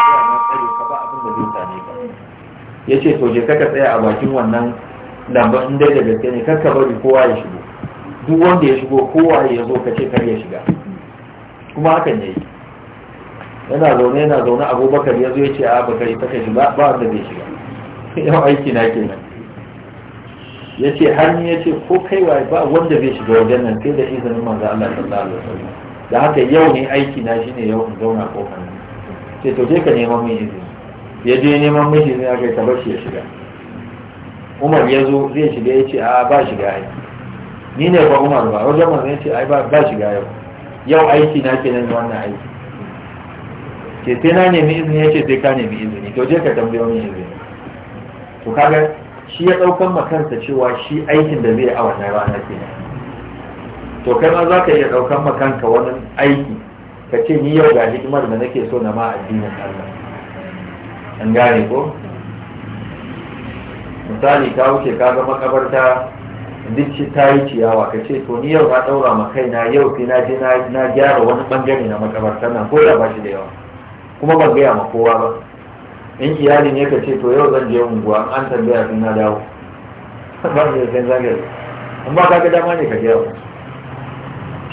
tsare ka ba abin da zai same ka yace to je kaka tsaya a bakin wannan lambar in dai da gaske ne kakka bari kowa ya shigo duk wanda ya shigo kowa ya zo ka ce kar ya shiga kuma hakan ya yi yana zaune yana zaune abubakar ya zo ya ce a baka ya taka shiga ba wanda zai shiga yau aiki na kenan ya ce hannu ya ce ko kai wa ba wanda zai shiga wajen nan sai da izinin manzan Allah ta alaihi sauri. da haka yau ne aiki na shine yau in zauna kofar nan ce to je ka neman mai izini ya je neman mai izini aka yi ta bashi ya shiga umar ya zo zai shiga ya ce a ba shiga aiki ni ne ba umar ba wajen manzan ce ai ba shiga yau yau aiki na ke nan wannan aiki ke sai na nemi izini ya ce sai ka nemi izini to je ka tambayo min izini to kaga shi ya daukan makansa cewa shi aikin da zai awa na rana ke to kai ma za ka iya daukan makanka wani aiki ka ce ni yau ga hikimar da nake so na ma addinin Allah an gane ko misali ka wuce ka ga makabarta duk ci ta yi ciyawa ka ce to ni yau na ɗaura ma kaina yau fi na je na gyara wani bangare na makabarta nan ko da ba shi da yawa kuma ban gaya ma kowa ba in iyali ne ka ce to yau zan je unguwa an tambaya sun na dawo ba ne sai zagaya in ba ka ga dama ne ka yau.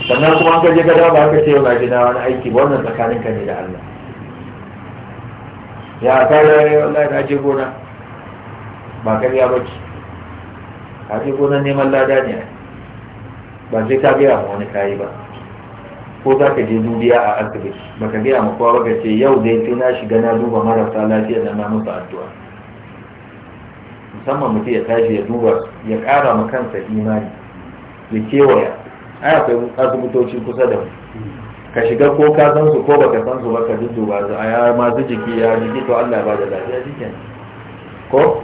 sannan kuma an gaje gada ba ka ce yau na je na wani aiki ba wannan tsakanin ka ne da Allah ya kare wallahi na je gona ba kariya ba ki ka je gonar neman lada ne ba sai ka gaya ma wani kayi ba ko za ka je dubiya a asibiti ba ka gaya ma kowa ba ka ce yau dai sai na shiga na duba marasa lafiya da na musu addu'a musamman mutum ya tashi ya duba ya kara ma kansa imani ya kewaya ai akwai asibitoci kusa da mu ka shiga ko ka san su ko baka san su ba ka dudduba su a ya masu jiki ya jiki to Allah ba da lafiya jikin ko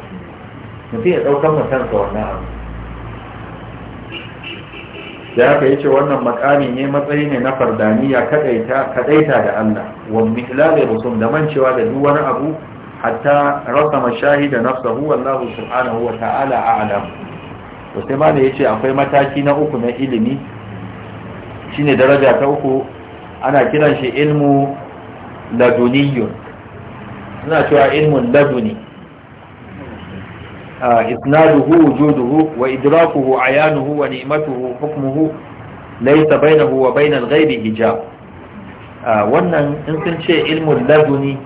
mutum ya ɗaukar matarsa wannan abu da aka ya ce wannan makami ne matsayi ne na fardaniya kadaita da Allah wa mihlal rusum da mancewa da duk wani abu hatta rasa mashahida nafsahu wallahu subhanahu wa ta'ala a'lam Wasu sai ma da yace akwai mataki na uku na ilimi ne daraja ta uku ana kiran shi ilmu laduniyun. suna cewa ilmun laduni isnaduhu wujuduhu wa idrakuhu ayanuhu wa ni'matuhu hukmuhu laysa bainahu wa wannan in sun ce ilmin laduni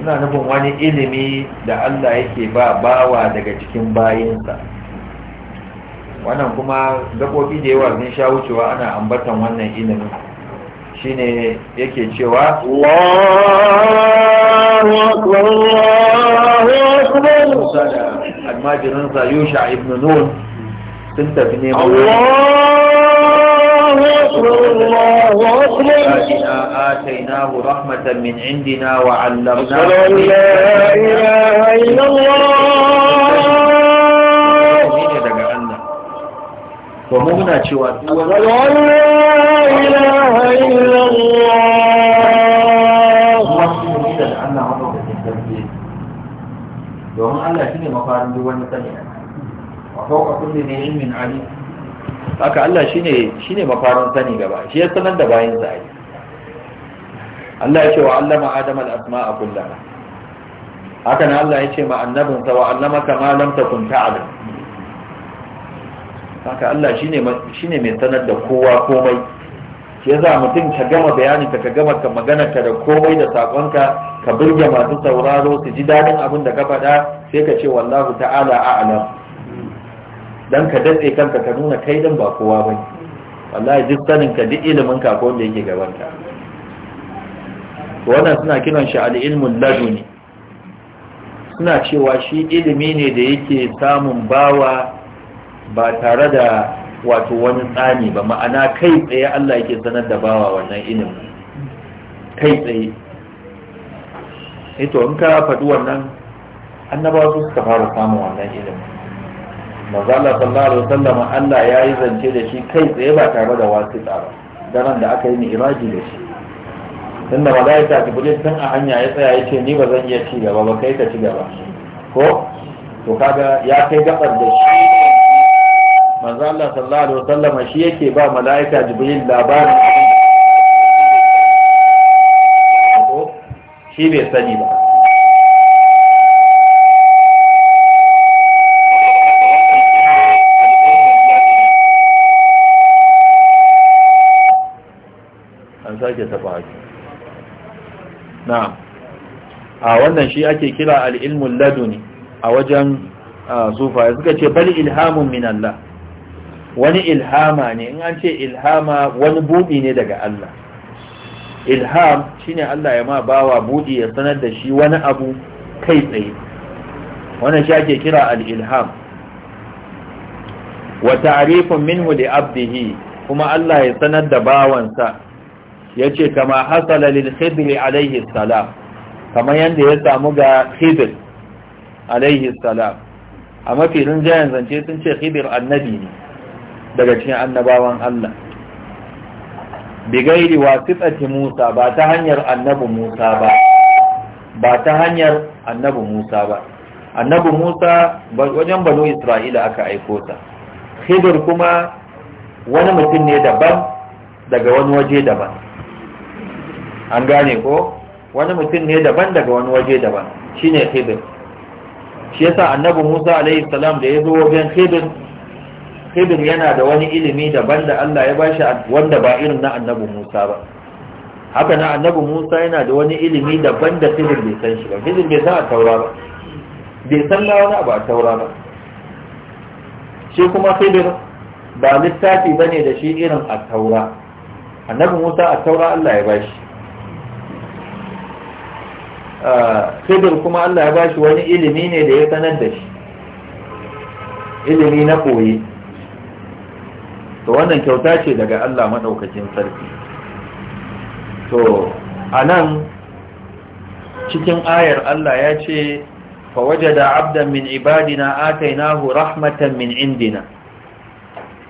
suna nufin wani ilimi da Allah yake ba bawa daga cikin bayinsa wannan kuma gabobi da yawa sun sha wucewa ana ambatan wannan ilimin shine yake cewa Allahu akbar almajiransa yusha ibn الله أكبر الله أكبر آتيناه رحمة من عندنا وعلمناه لا إله إلا الله ومغنى شوات لا إله إلا الله domin Allah shi ne mafarin duk wani sani a fauka kulle ne ilmin ali haka Allah shi ne mafarin sani gaba shi ya sanar da bayan sa Allah ya ce wa allama adam al-asma a kullana haka na Allah ya ce ma annabin sa wa allama kama lam takun ta'lam haka Allah shi ne mai sanar da kowa komai shi yasa mutum ka gama bayanin ka gama ka magana ka da komai da sakonka ka burge masu sauraro su ji dadin abin da ka faɗa sai ka ce wallahu ta'ala a'lam dan ka datse kanka ka nuna kai din ba kowa bane wallahi duk sanin ka duk ilimin ka ko wanda yake gaban ka wannan suna kiran shi al-ilmul laduni suna cewa shi ilimi ne da yake samun bawa ba tare da wato wani tsani ba ma'ana kai tsaye Allah yake sanar da bawa wannan ilimin kai tsaye ito in ka faɗi wannan annabawa su suka fara samun wannan ilimin maza Allah sallallahu alaihi wasallam Allah ya yi zance da shi kai tsaye ba tare da wasu tsara, daren da aka yi mi'raji da shi tunda malaika jibril tun a hanya ya tsaya ya ce ni ba zan iya ci gaba ba kai ka ci gaba ko to kaga ya kai gabar da shi manzo Allah sallallahu alaihi wasallam shi yake ba malaika jibril labarin shi bai sani ba an sake taba haki na'am a wannan shi ake kira al-ilmul laduni a wajen sufa suka ce bal ilhamun min Allah wani ilhama ne in an ce ilhama wani buɗi ne daga Allah ilham shine Allah ya ma bawa buɗi ya sanar da shi wani abu kai tsaye wannan shi ake kira al-ilham wa ta'rifun minhu li 'abdihi kuma Allah ya sanar da bawansa yace kama hasala lil khidr alayhi salam kamar yadda ya samu ga khidr alayhi salam a mafi rinjayen zance sun ce khidr annabi ne daga cikin annabawan Allah gairi wasitati Musa ba ta hanyar annabi Musa ba ba ta hanyar annabi Musa ba annabi Musa wajen banu Isra'ila aka aiko ta Hidir kuma wani mutum ne daban daga wani waje daban an gane ko wani mutum ne daban daga wani waje daban shine Hidir. shi yasa annabi Musa alaihi salam da ya zo wajen Hidir? khidir yana da wani ilimi daban da Allah ya bashi wanda ba irin na annabi Musa ba haka na annabi Musa yana da wani ilimi daban da khidir bai san shi ba khidir bai san a taura ba bai san lawa na ba a taura ba shi kuma khidir ba littafi ba ne da shi irin a taura annabi Musa a taura Allah ya bashi khidir ah, kuma Allah ya bashi wani ilimi ne da ya sanar da shi ilimi na koyi to wannan kyauta ce daga Allah maɗaukacin sarki to a nan cikin ayar Allah ya ce fawajada abdan min ibadina nahu rahmatan min indina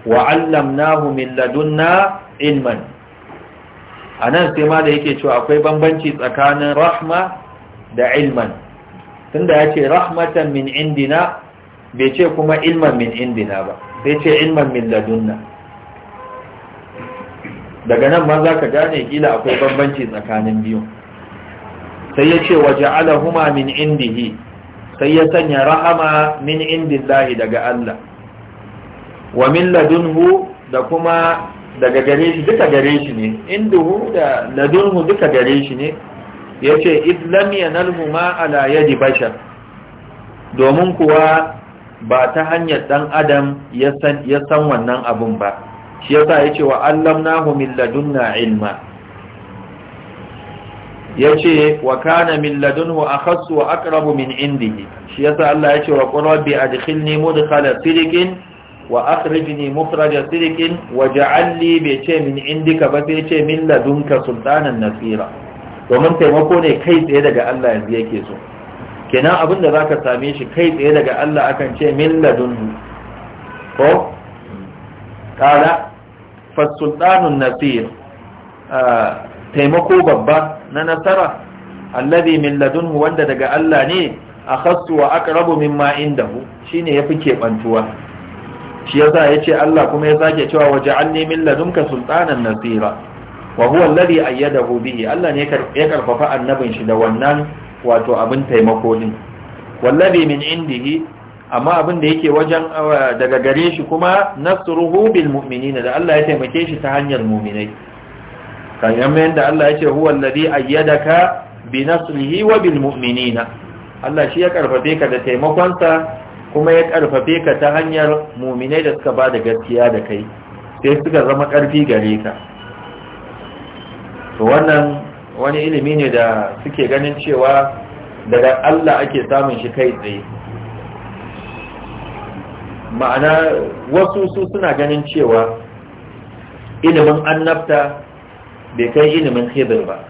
wa nahu min ladunna ilman a nan sai ma da yake cewa akwai bambanci tsakanin rahma da ilman tunda ya ce rahmatan min indina bai ce kuma ilman min indina ba bai ce ilman min ladunna daga nan ma za ka gane kila akwai bambanci tsakanin biyu sai ya ce waje alahuma min indihi sai ya sanya rahama min indillahi daga Allah wa min ladunhu da kuma daga gare shi duka gare shi ne Indihu da ladunhu duka gare shi ne ya ce idlam yanalhuma ala yadi bashar domin kuwa ba ta hanyar dan adam ya san wannan abun ba shi yasa yace wa nahu min na ilma yace wa kana min ladunhu akhassu wa aqrabu min indihi shi yasa Allah yace wa qul rabbi adkhilni mudkhala sidqin wa akhrijni mukhraja sirikin waj'al li bai ce min indika ba sai ce min ka sultanan nasira domin taimako ne kai tsaye daga Allah yanzu yake so kenan abin da zaka same shi kai tsaye daga Allah akan ce min ladunhu ko kala fasultanun nasir taimako babba na nasara alladhi min ladunhu wanda daga Allah ne a akhassu wa aqrabu mimma indahu shine yafi kebantuwa shi yasa yace Allah kuma ya sake cewa waja'alni min ladunka sultanan nasira wa huwa alladhi ayyadahu bihi Allah ne ya karfafa annabin shi da wannan wato abin taimako din wallabi min indihi amma abin da yake wajen uh, daga gare shi kuma nasruhu bil mu'minina da Allah ya taimake shi ta hanyar mu'minai kan yamma da Allah ya ce huwa alladhi ayyadaka bi nasrihi wa bil mu'minina Allah shi ya karfafe ka da taimakonsa kuma ya karfafe ka ta hanyar mu'minai da suka bada gaskiya da kai sai suka zama karfi gare ka to wannan wani ilimi ne da suke ganin cewa daga Allah ake samun shi kai tsaye ma'ana wasu su suna ganin cewa ilimin annabta bai kai ilimin khidir ba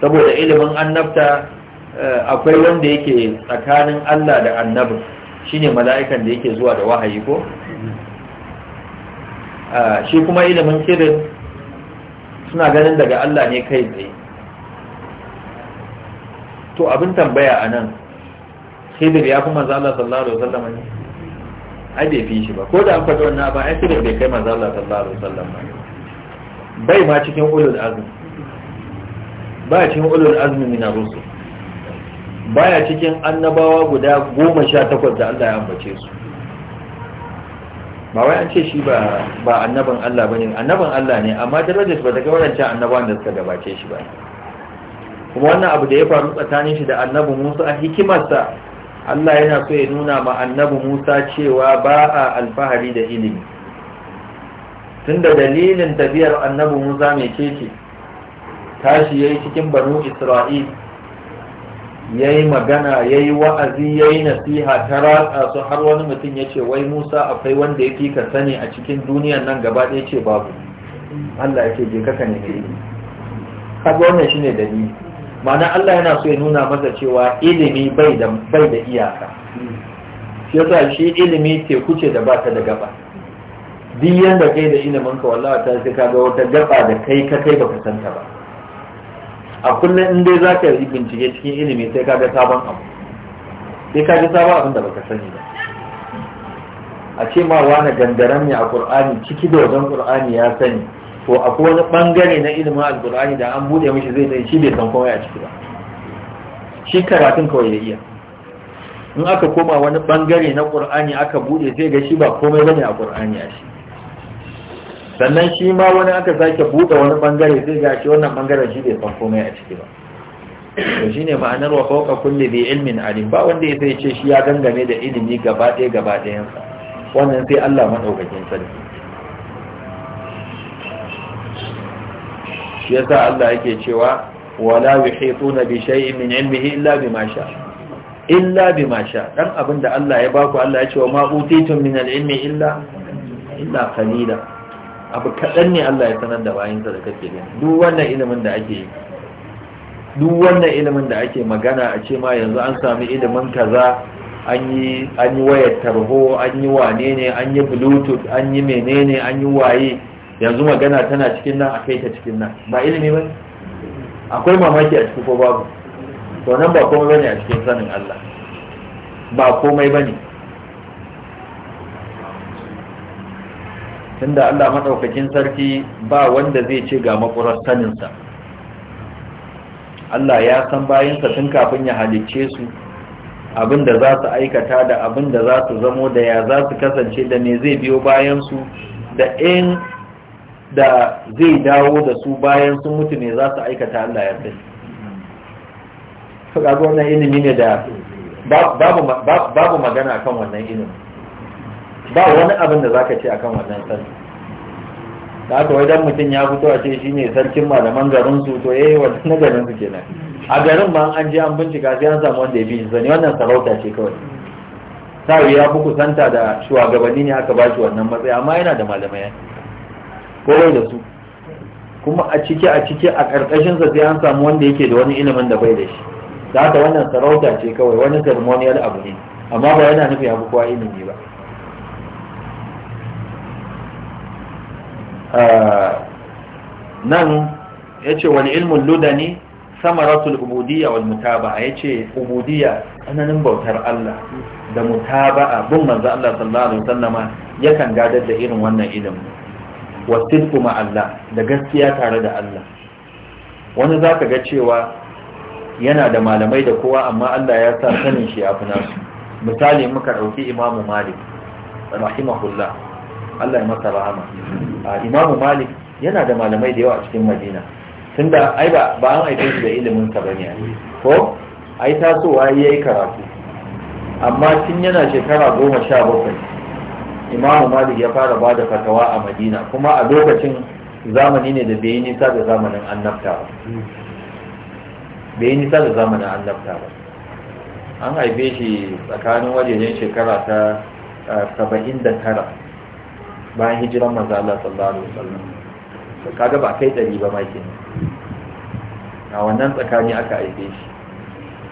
saboda ilimin annabta eh, akwai wanda yake tsakanin Allah da annabin shine mala'ikan da yake zuwa da wahayi ko ah, shi kuma ilimin khidir suna ganin daga Allah ne kai tsaye to abin tambaya a nan, khidir ya kuma manzo Allah sallallahu alaihi wasallam ne ai bai fi shi ba ko da an faɗi wannan ba ai sai bai kai manzo Allah sallallahu alaihi wasallam ba bai ma cikin ulul azmi ba cikin ulul azmi min ar Ba baya cikin annabawa guda goma sha takwas da Allah ya ambace su ba wai an ce shi ba ba annaban Allah bane annaban Allah ne amma darajar ba ta ga wadancan annabawan da suka gabace shi ba kuma wannan abu da ya faru tsakanin shi da annabi Musa a hikimarsa Allah yana so ya nuna ma annabi Musa cewa ba a alfahari da ilimi tunda dalilin tafiyar annabi Musa mai cece tashi yi cikin banu Isra'il yi magana ya yi wa'azi ya yi nasiha ta ratsa su har wani mutum ya ce wai Musa akwai wanda ya fi ka sani a cikin duniyar nan gaba ɗaya ce babu Allah ya ce je kaka ne ilimi kaga wannan shine ma'ana Allah yana so ya nuna masa cewa ilimi bai da iyaka shi yasa shi ilimi teku ce da ba ta da gaba duk yanda kai da ilimin ka wallahi ta sai kaga wata gaba da kai ka kai baka santa ba a kullum in dai zaka yi bincike cikin ilimi sai kaga sabon abu sai kaga sabon abin da baka sani ba a ce ma wani gangaren ne a Qur'ani ciki da wajen ƙur'ani ya sani to akwai wani bangare na ilimin alkur'ani da an bude mishi zai tsaye shi bai san komai a ciki ba shi karatun kawai ya iya in aka koma wani bangare na qur'ani aka bude sai ga shi ba komai bane a qur'ani a shi sannan shi ma wani aka sake bude wani bangare sai ga shi wannan bangaren shi bai san komai a ciki ba to shine ma'anar wa fawqa kulli bi ilmin alim ba wanda ya sai ce shi ya gangame da ilimi gaba ɗaya gaba wannan sai Allah madaukakin sarki shi yasa Allah yake cewa wala yuhituna bi shay'in min ilmihi illa bima sha illa bima sha dan abinda Allah ya baku Allah ya ce wa ma utitum min al-ilmi illa illa qalila abu kadan ne Allah ya sanar da bayinsa da kake da duk wannan ilimin da ake duk wannan ilimin da ake magana a ce ma yanzu an sami ilimin kaza an yi wayar tarho an yi wane ne an yi bluetooth an yi menene an yi waye yanzu magana tana cikin nan akai ta cikin nan ba ilimi ba akwai mamaki a cikin ko babu to nan ba komai bane a cikin sanin Allah ba komai bane tunda Allah madaukakin sarki ba wanda zai ce ga makurar sa Allah ya san sa tun kafin ya halicce su abin da za su aikata da abin da za su zamo da ya za su kasance da me zai biyo bayansu da in da zai dawo da su bayan sun mutu ne za su aikata Allah ya sani kaga wannan ilimi ne da babu magana akan wannan ilimi ba wani abin da za ka ce akan wannan sarki da aka wai don mutum ya fito a ce shine sarkin malaman garin su to wa eh, wannan garin su kenan a garin ma an je an bincika sai an samu wanda ya bi shi zane wannan sarauta ce kawai sai ya fi kusanta da shugabanni ne aka ba shi wannan matsayi amma yana da malamai ko da su kuma a ciki a ciki a ƙarƙashinsa sai an samu wanda yake da wani ilimin da bai da shi Za ta wannan sarauta ce kawai wani ceremonial abu ne amma ba yana nufi abu kowa ilimi ba ah, nan ya ce wani ilmin luda ne rasul ubudiyya wal mutaba'a ya ce ubudiyya tsananin bautar Allah da mutaba'a bin manzo Allah sallallahu alaihi wasallama yakan gadar da irin wannan ilimin kuma Allah da gaskiya tare da Allah wani za ka ga cewa yana da malamai da kowa amma Allah ya sa sanin shi a fi misali muka ɗauki imamu malik rahimahullah Allah ya masa rahama imamu malik yana da malamai da yawa a cikin madina tun da aiba ba an aike su da ilimin ba ne. ko ai tasowa yi karatu amma tun yana shekara goma sha bakwai imamu malik ya fara ba da fatawa a madina kuma a lokacin zamani ne da bai yi nisa da zamanin annabta ba bai yi nisa da zamanin annabta ba an haife shi tsakanin wajejen shekara ta saba'in da tara bayan hijiran maza Allah sallallahu alaihi wasallam kaga ba kai dari ba maki ne a wannan tsakani aka haife shi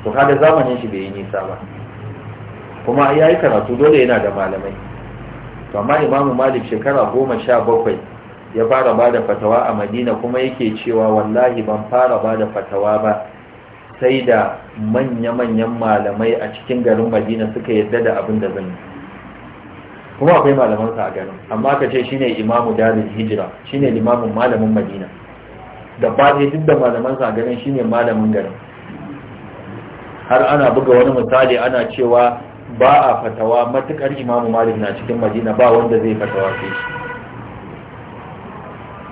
to kaga zamanin shi bai yi nisa ba kuma ya yi karatu dole yana da malamai amma imamu malik shekara goma sha bakwai ya fara ba da fatawa a madina kuma yake cewa wallahi ban fara ba da fatawa ba sai da manya-manyan malamai a cikin garin madina suka yadda da abin da zan kuma akwai malamansa a garin amma ka ce shine imamu dalil hijira shine limamin malamin madina da ba duk da malamansa a garin shine malamin garin har ana buga wani misali ana cewa ba a fatawa matukar imamu malik na cikin madina ba wanda zai fatawa ke shi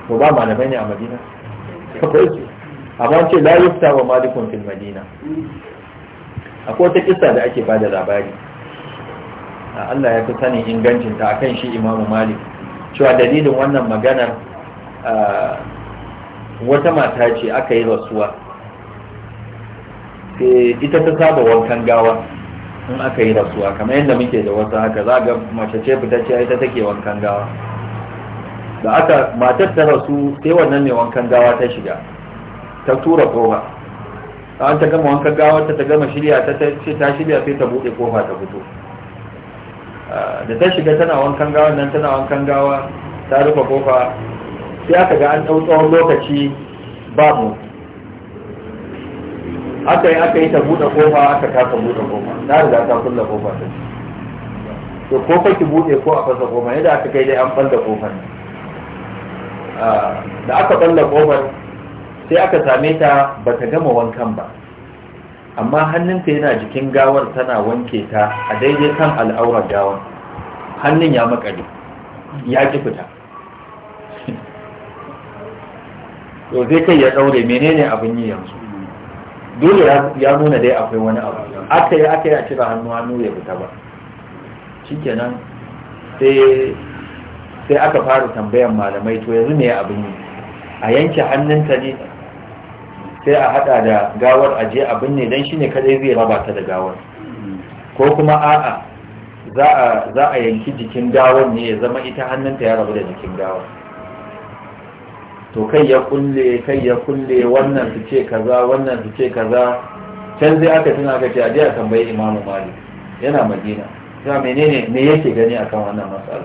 to ba malamai ne a madina akwai ce amma ce la yufta wa malikun fil madina akwai wata kissa da ake bada labari Allah ya fi sanin ingancin ta akan shi imamu malik cewa dalilin wannan maganar wata mata ce aka yi rasuwa ita ta saba wankan gawa in aka yi rasuwa kamar yadda muke da wasu haka za ga mace ce ce ita take wankan gawa da aka matar ta rasu sai wannan ne wankan gawa ta shiga ta tura kofa an ta gama wankan gawa ta gama shirya ta ce ta shirya sai ta buɗe kofa ta fito ah, da ta shiga tana wankan gawa nan tana wankan gawa ta rufe kofa sai aka ga an ɗau tsawon lokaci mu. aka yi aka yi ta buɗe kofa aka kasa buɗe kofa na riga ta kulle kofa ta to ko fa ki buɗe ko a fasa kofa yadda aka kai dai an ɓalla kofar ah, da aka ɓalla kofar sai aka same ta ba ta gama wankan ba amma hannunta yana jikin gawar tana wanke ta a daidai kan al'aurar gawar hannun ya makare ya ki fita to zai kai ya ɗaure menene abin yi yanzu dole ya nuna dai akwai wani abu aka yi aka yi a cira hannu hannu ya fita ba shikenan sai sai aka fara tambayan malamai to yanzu ne abin yi a yanke hannunta ne sai a hada da gawar je abin ne don shi ne kadai zai raba ta da gawar ko kuma a'a za a yanki jikin gawar ne ya zama ita hannunta ya rabu da jikin gawar to kai ya kulle kai ya kulle wannan su ce kaza wannan su ce kaza can zai aka tuna aka ce ajiya je a tambayi imamu mali yana madina ta menene me yake gani akan wannan matsala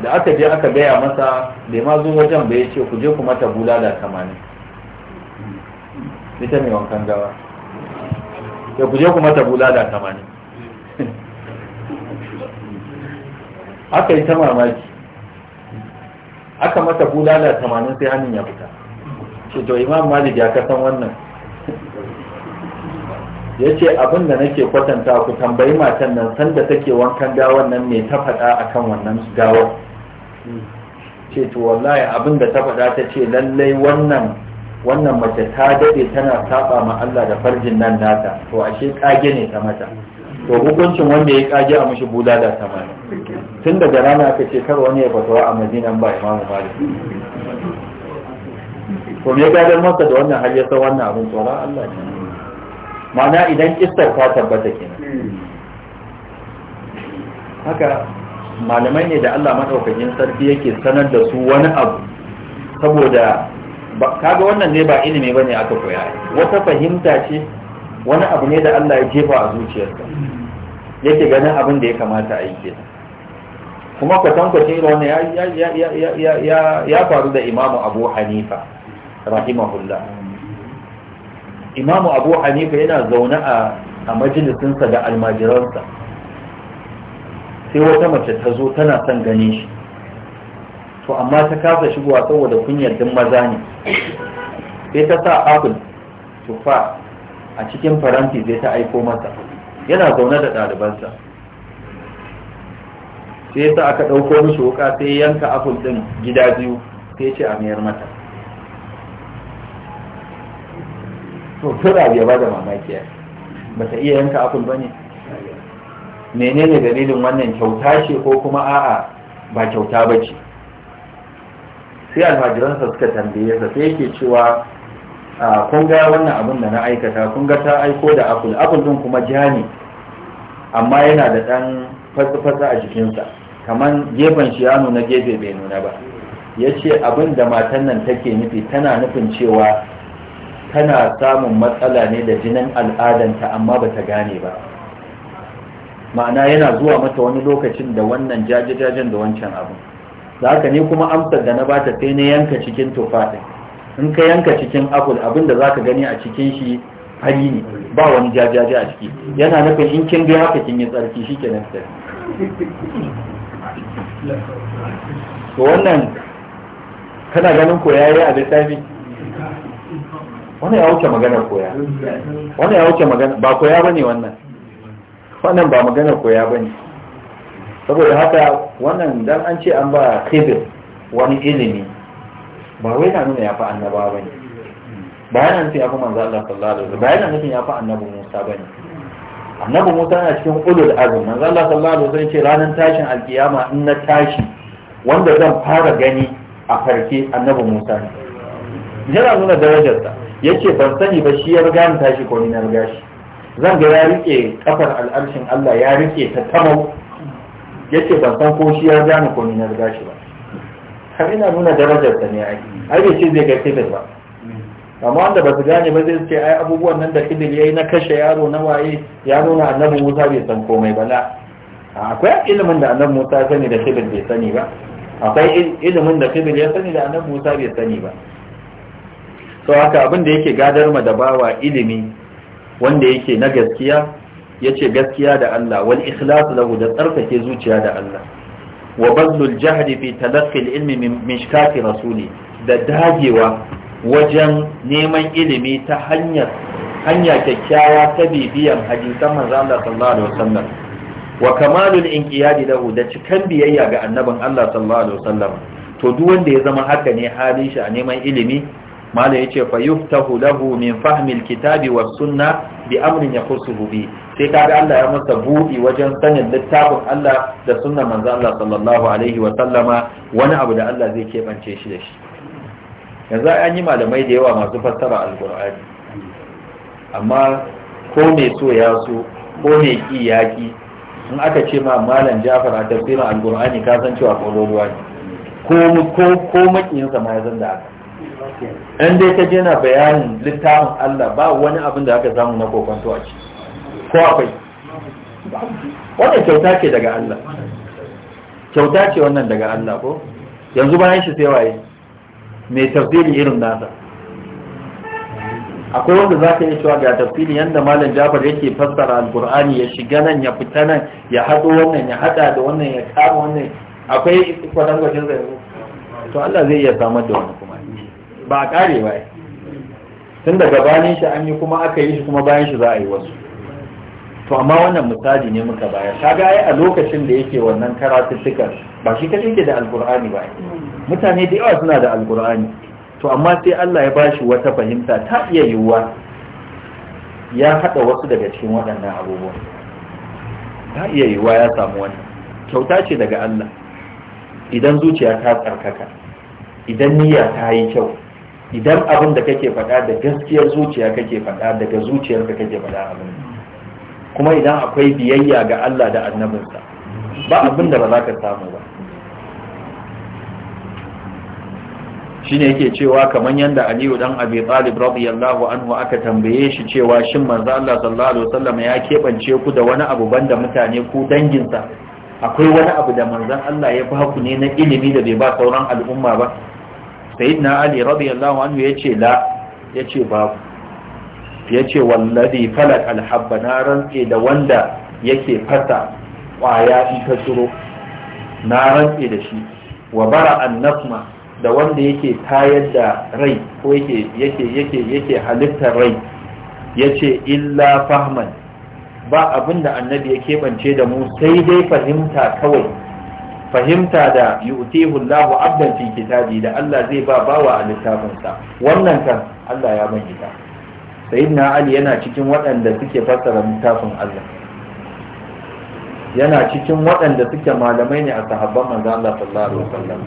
da aka je aka gaya masa da ma zo wajen bai ce ku je ku mata da kamani ita mai wankan gawa ya ku je ku mata da kamani aka yi ta mamaki aka mata bulala tamanin sai hannun ya fita ce to imam malik ya kasan wannan ya ce abin da nake kwatanta ku tambayi matan nan sanda take wankan gawan nan mai ta faɗa a wannan gawar ce to wallahi abin da ta faɗa ta ce lallai wannan wannan mace ta daɗe tana saba ma Allah da farjin nan nata to ashe kage ne ta mata to hukuncin wanda ya kage a mushi bulala tamanin. tun da rana aka ce kar wani ya fatawa a madinan ba imamu malik ko me gadar masa da wannan har ya wannan abin tsoron Allah ne mana idan kistar ta tabbata kenan haka malamai ne da Allah madaukakin sarki yake sanar da su wani abu saboda kaga wannan ne ba ilimi bane aka koya wata fahimta ce wani abu ne da Allah ya jefa a zuciyarsa yake ganin abin da ya kamata a yi kenan kuma kwatankwacin irin wanda ya faru da imamu abu hanifa rahimahullah imamu abu hanifa yana zaune a majalisinsa da almajiransa sai wata mace ta zo tana son gani shi to amma ta kasa shigowa saboda kunyar din maza ne sai ta sa abin tufa a cikin faranti sai ta aiko masa yana zaune da ɗalibansa sai sa aka ɗauko mishi wuka sai yanka apple ɗin gida biyu sai ce a mayar mata to tura bai ba da mamaki ya ba ta iya yanka apple ba ne menene dalilin wannan kyauta ce ko kuma a'a ba kyauta ba ce sai almajiransa suka tambaye sa sai yake cewa a kun ga wannan abin da na aikata kun ga ta aiko da apple apple din kuma ja ne amma yana da ɗan fatsa-fatsa a jikinsa kaman gefen shi ya nuna gefe bai nuna ba ya ce abin da matan nan take nufi tana nufin cewa tana samun matsala ne da jinin al'adanta amma ba ta gane ba ma'ana yana zuwa mata wani lokacin da wannan jajajajen da wancan abu da haka ne kuma amsar da na bata sai na yanka cikin tufa in ka yanka cikin apple abin da za ka gani a cikin shi fari ne ba wani jajaje a ciki yana nufin in kin ga haka kin yi tsarki shi ke nan to wannan kana ganin koya yayi a littafi wannan ya wuce maganar koya wannan ya wuce magana ba koya bane wannan wannan ba maganar koya bane saboda haka wannan dan an ce an ba khibir wani ilimi ba wai na nuna ya fi annaba bane ba yana nufin ya fi manzo Allah sallallahu alaihi wasallam ba yana nufin ya fi annabi Musa bane annabi Musa na cikin ulul azum manzo Allah sallallahu alaihi wasallam ce ranar tashin alkiyama in na tashi wanda zan fara gani a farke annabi Musa ne yana nuna darajarsa yace ban sani ba shi ya riga ni tashi ko ni na riga shi zan ga ya rike kafar al'arshin Allah ya rike ta tamau yace ban san ko shi ya riga ni ko ni na riga shi ba har ina nuna darajarsa ne ai ai ce zai ga sai ba amma wanda ba su gane ba zai ce ai abubuwan nan da ya yi na kashe yaro na waye ya nuna annabi Musa bai san komai ba la akwai ilimin da annabi Musa sani da ibil bai sani ba akwai ilimin da ibil ya sani da annabi Musa bai sani ba to haka abin da yake gadar ma da bawa ilimi wanda yake na gaskiya yace gaskiya da Allah wal ikhlas lahu da tsarkake zuciya da Allah wa bazlul jahdi fi talaqqi al-ilmi min mishkati rasuli da dagewa wajen neman ilimi ta hanyar hanya kyakkyawa ta bibiyan hadisan manzon Allah sallallahu alaihi wasallam wa kamalul inqiyadi lahu da cikan biyayya ga annabin Allah sallallahu alaihi wasallam to duk wanda ya zama haka ne halin shi a neman ilimi malam yace fa yuftahu lahu min fahmi alkitabi was sunna bi amrin yakhussuhu bi sai kaga Allah ya masa budi wajen sanin littafin Allah da sunnar manzon Allah sallallahu alaihi wa wani abu da Allah zai kebance shi da shi yanzu an yi malamai da yawa masu fassara alkur'ani amma ko mai so ya so ko mai ki ya ki in aka ce ma malam jafar a tafsirin alkur'ani ka san cewa ruwa ne ko ko makiyinsa ma ya zan da haka in dai ka jena bayanin littafin Allah ba wani abin da aka samu na kokonto a ci ko akwai wannan kyauta ce daga Allah kyauta ce wannan daga Allah ko yanzu bayan shi sai waye mai tafsiri irin nasa akwai wanda za ka yi cewa ga tafsiri yadda malam jafar yake fassara alkur'ani ya shiga nan ya fita nan ya haɗo wannan ya haɗa da wannan ya kama wannan akwai gwashin zai to Allah zai iya samar da wani kuma ba a ƙare ba tun daga bayan shi an yi kuma aka yi shi kuma bayan shi za a yi wasu to amma wannan misali ne muka bayar ka ga a lokacin da yake wannan karatuttukan ba shi kace yake da alkur'ani ba mutane da yawa suna da alkur'ani to amma sai Allah ya bashi wata fahimta ta iya yiwuwa ya haɗa wasu daga cikin waɗannan abubuwan ta iya yiwuwa ya samu wannan kyauta ce daga Allah idan zuciya ta tsarkaka idan niyya ta yi kyau idan abin da kake faɗa da gaskiyar zuciya kake faɗa daga zuciyar ka, kake faɗa abin kuma idan akwai biyayya ga Allah da annabinsa ba abin da ba za ka samu ba shine yake cewa kaman yanda Aliyu dan Abi Talib radiyallahu anhu aka tambaye shi cewa shin manzo Allah sallallahu alaihi wasallam ya kebance ku da wani abu banda mutane ku danginsa akwai wani abu da manzon Allah ya ba ku ne na ilimi da bai ba sauran al'umma ba sayyidina Ali radiyallahu anhu yace la yace babu yace wallazi falak alhabba na rantse da wanda yake fasa kwaya ita tsuro. na rantse da shi wa bara an nasma da wanda yake tayar da rai ko yake yake halittar rai yace illa fahman ba abin da annabi ya keɓance da mu sai dai fahimta kawai fahimta da yu'tihu Lahu, abdan kitabi da Allah zai ba bawa a littafinsa wannan kan Allah ya mai sayyidina Ali yana cikin waɗanda suke fassara littafin Allah yana cikin waɗanda suke malamai ne a sahabban manzo Allah sallallahu alaihi wasallam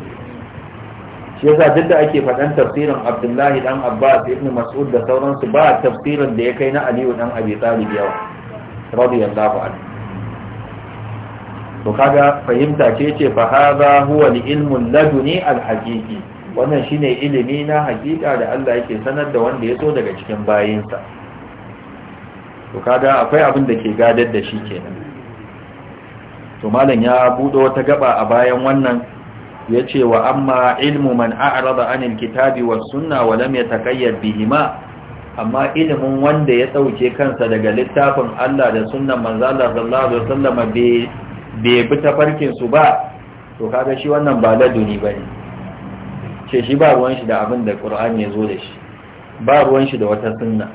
shi yasa duk da ake faɗan tafsirin abdullahi dan abbas ibn mas'ud da sauransu ba tafsirin da ya kai na aliyu dan abi talib yawa radiyallahu anhu to kaga fahimta ce ce fa hadha huwa al-ilmu laduni al-haqiqi wannan shine ilimi na hakika da Allah yake sanar da wanda ya so daga cikin bayinsa to kaga akwai abin da ke gadar da shi kenan to malam ya budo wata gaba a bayan wannan yace wa amma ilmu man a'rada anil kitabi was sunna wa lam yataqayyad bihima amma ilimin wanda ya dauke kansa daga littafin Allah da sunnan manzo Allah sallallahu alaihi wasallam bai bai ta tafarkin su ba to kaga shi wannan ba laduni bane ce shi ba ruwan shi da abin da Qur'ani ya zo da shi ba ruwan shi da wata sunna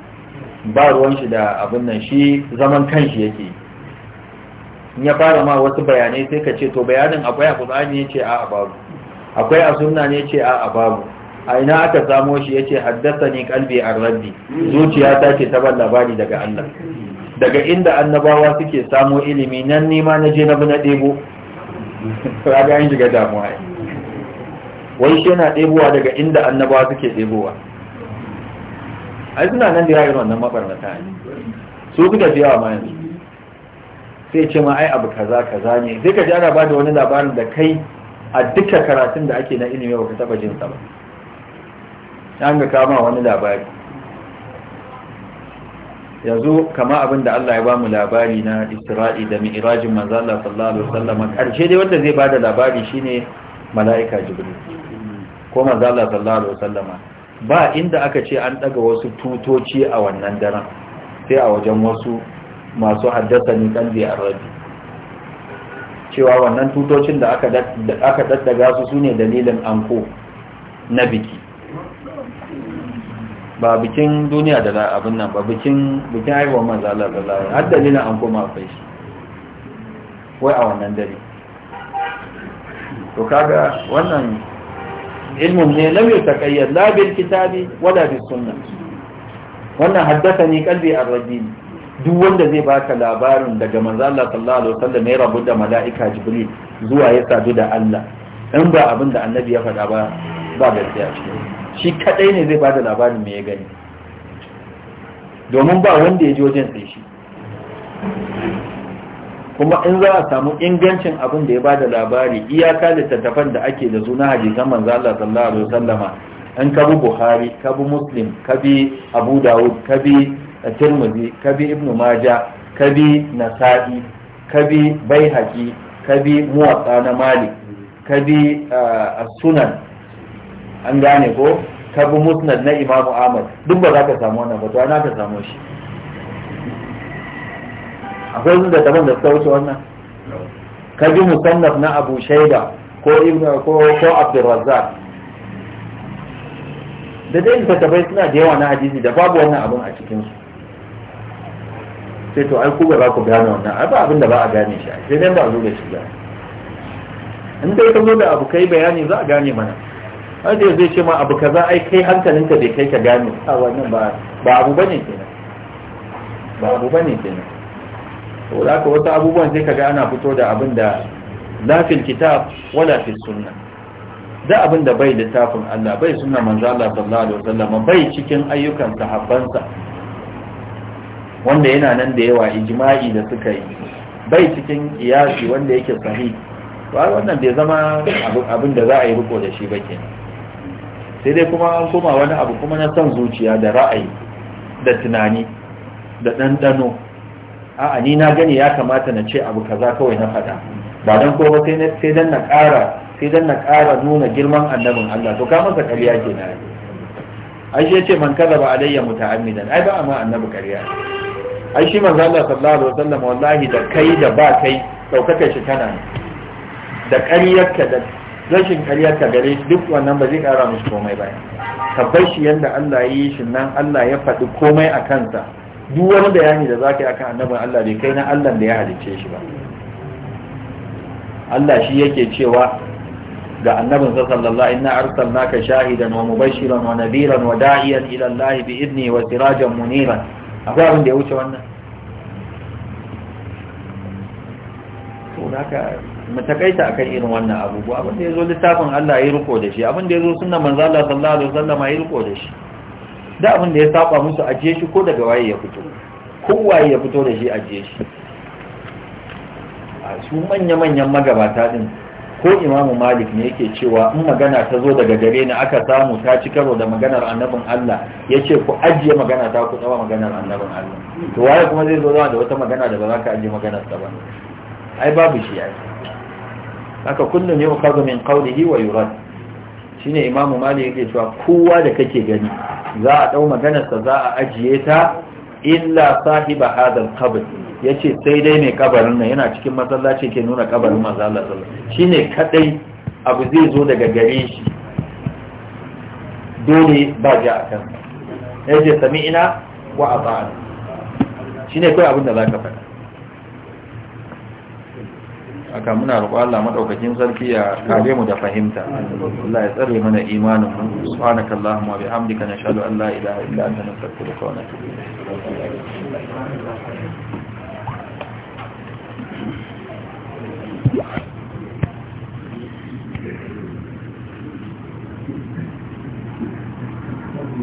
ba ruwan shi da abin nan shi zaman kanshi yake yi ya fara ma wasu bayanai sai ka ce to bayanin akwai a Qur'ani yace a babu akwai a sunna ne yace a babu a ina aka samo shi ya ce haddasa ni kalbi a rabbi zuciya ta ce ta labari daga Allah daga inda annabawa suke samo ilimi nan nima na je na bi na ɗebo raga shiga damuwa ya wai shi yana ɗebowa daga inda annabawa suke ɗebowa ai suna nan da yayin wannan mabarnata ne su kuka fi yawa ma yanzu sai ce ma ai abu kaza kaza ne sai ka ji ana bada wani labarin da kai a duka karatun da ake na ilimi ba ka taba jin sa ba an ga kama wani labari yanzu kama abin da Allah ya ba mu labari na Isra'i da Mi'rajin manzo Allah sallallahu alaihi wasallam karshe dai wanda zai bada labari shine mala'ika Jibril ko manzo Allah sallallahu alaihi wasallam ba inda aka ce an daga wasu tutoci a wannan daren sai a wajen wasu masu haddasa ni kan a arabi cewa wannan tutocin da aka daddaga su su ne dalilin anko na biki ba bikin duniya da abin nan ba bikin bikin haihuwar manzo Allah da alaihi har dalilin anko ma akwai shi wai a wannan dare to kaga wannan ilmin ne lam yataqayyad la bil kitabi wala bis sunnah wannan haddathani ne kalbi rajim duk wanda zai baka labarin daga manzo Allah sallallahu alaihi wasallam ya rabu da mala'ika jibril zuwa ya sadu da Allah in ba abin da annabi ya faɗa ba ba gaskiya shi shi kadai ne zai bada labarin me ya gani domin ba wanda ya ji wajen sai shi kuma in za a samu ingancin abin da ya bada labari iyaka littattafan da ake da suna hadisan manzo Allah sallallahu alaihi wasallama in ka bi Buhari ka bi Muslim ka bi Abu Dawud ka bi tirmidhi ka bi ibnu maja ka bi nasa'i ka bi baihaqi ka bi muwatta na malik ka bi sunan an gane ko ka bi musnad na imamu ahmad duk ba za ka samu wannan ba to ana ka samu shi akwai wasu da taban da suka wuce wannan ka bi musannaf na abu shaida ko ko ko abdurrazzaq da dai tabbai suna da yawa na hadisi da babu wannan abun a cikinsu sai to ai ku ba za ku gane wannan ai ba abin da ba a gane shi sai dai ba a zo da shi ba in dai ka zo da abu kai bayani za a gane mana har da zai ce ma abu ka kaza ai kai hankalinka bai kai ka gane a wannan ba ba abu bane kenan ba abu bane kenan to da ka wasu abubuwan sai kaga ana fito da abin da lafin fil kitab wala fil sunna da abin da bai littafin Allah bai sunna manzo Allah sallallahu alaihi wasallam bai cikin ayyukan sahabbansa wanda yana nan da yawa ijma'i da suka yi bai cikin iyasi wanda yake sahi ba wannan bai zama abin da za a yi riko da shi ba ke sai dai kuma an koma wani abu kuma na son zuciya da ra'ayi da tunani da ɗanɗano a'a ni na gani ya kamata na ce abu kaza kawai na faɗa ba don ko ba sai dan na ƙara sai dan na ƙara nuna girman annabin Allah to ka masa ƙarya ke na ai shi ya ce man kaza ba alayya muta'ammidan ai ba amma annabi ƙarya ai shi manzo Allah sallallahu alaihi wasallam wallahi da kai da ba kai daukakar shi kana da ƙaryarka da rashin ƙaryarka gare shi duk wannan ba zai kara mishi komai ba ka bar shi yanda Allah ya yi shi nan Allah ya faɗi komai a kansa duk wani bayani da zaka yi akan annabin Allah bai kai na Allah da ya halicce shi ba Allah shi yake cewa ga annabin sa sallallahu inna arsalnaka shahidan wa mubashiran wa nadiran wa da'iyan ila Allah bi idni wa sirajan muniran akwai abin da ya wuce wannan matakaita a kan akan irin wannan abubuwa abin da ya zo littafin Allah ya riko da shi abin da ya zo sunan manzo Allah sallallahu alaihi wasallam ya riko da shi da abin da ya saba musu ajiye shi ko daga waye ya fito ko waye ya fito da shi ajiye shi a su manya-manyan magabata din ko imamu malik ne yake cewa in magana ta zo daga gare ni aka samu ta ci karo da maganar annabin Allah ya ce ku ajiye magana ta ku tsawa maganar annabin Allah to waye kuma zai zo da wata magana da ba za ka ajiye maganar ta ba ai babu shi ai haka kullun yau kaga min qawlihi wa yurad shine imamu malik yake cewa kowa da kake gani za a dau maganar sa za a ajiye ta illa sahiba hadal qabr yace sai dai mai kabarin nan yana cikin masallaci ke nuna kabarin manzo Allah sallallahu alaihi wasallam shine kadai abu zai zo daga gare shi dole ba ja akan yace sami'ina wa ata'ana shine kai abin da zaka faɗa aka muna roƙo Allah madaukakin sarki ya kare mu da fahimta Allah ya tsare mana imanin mu subhanakallahumma wa bihamdika nashhadu an la ilaha illa anta nastaghfiruka wa natubu ilayk Thank you.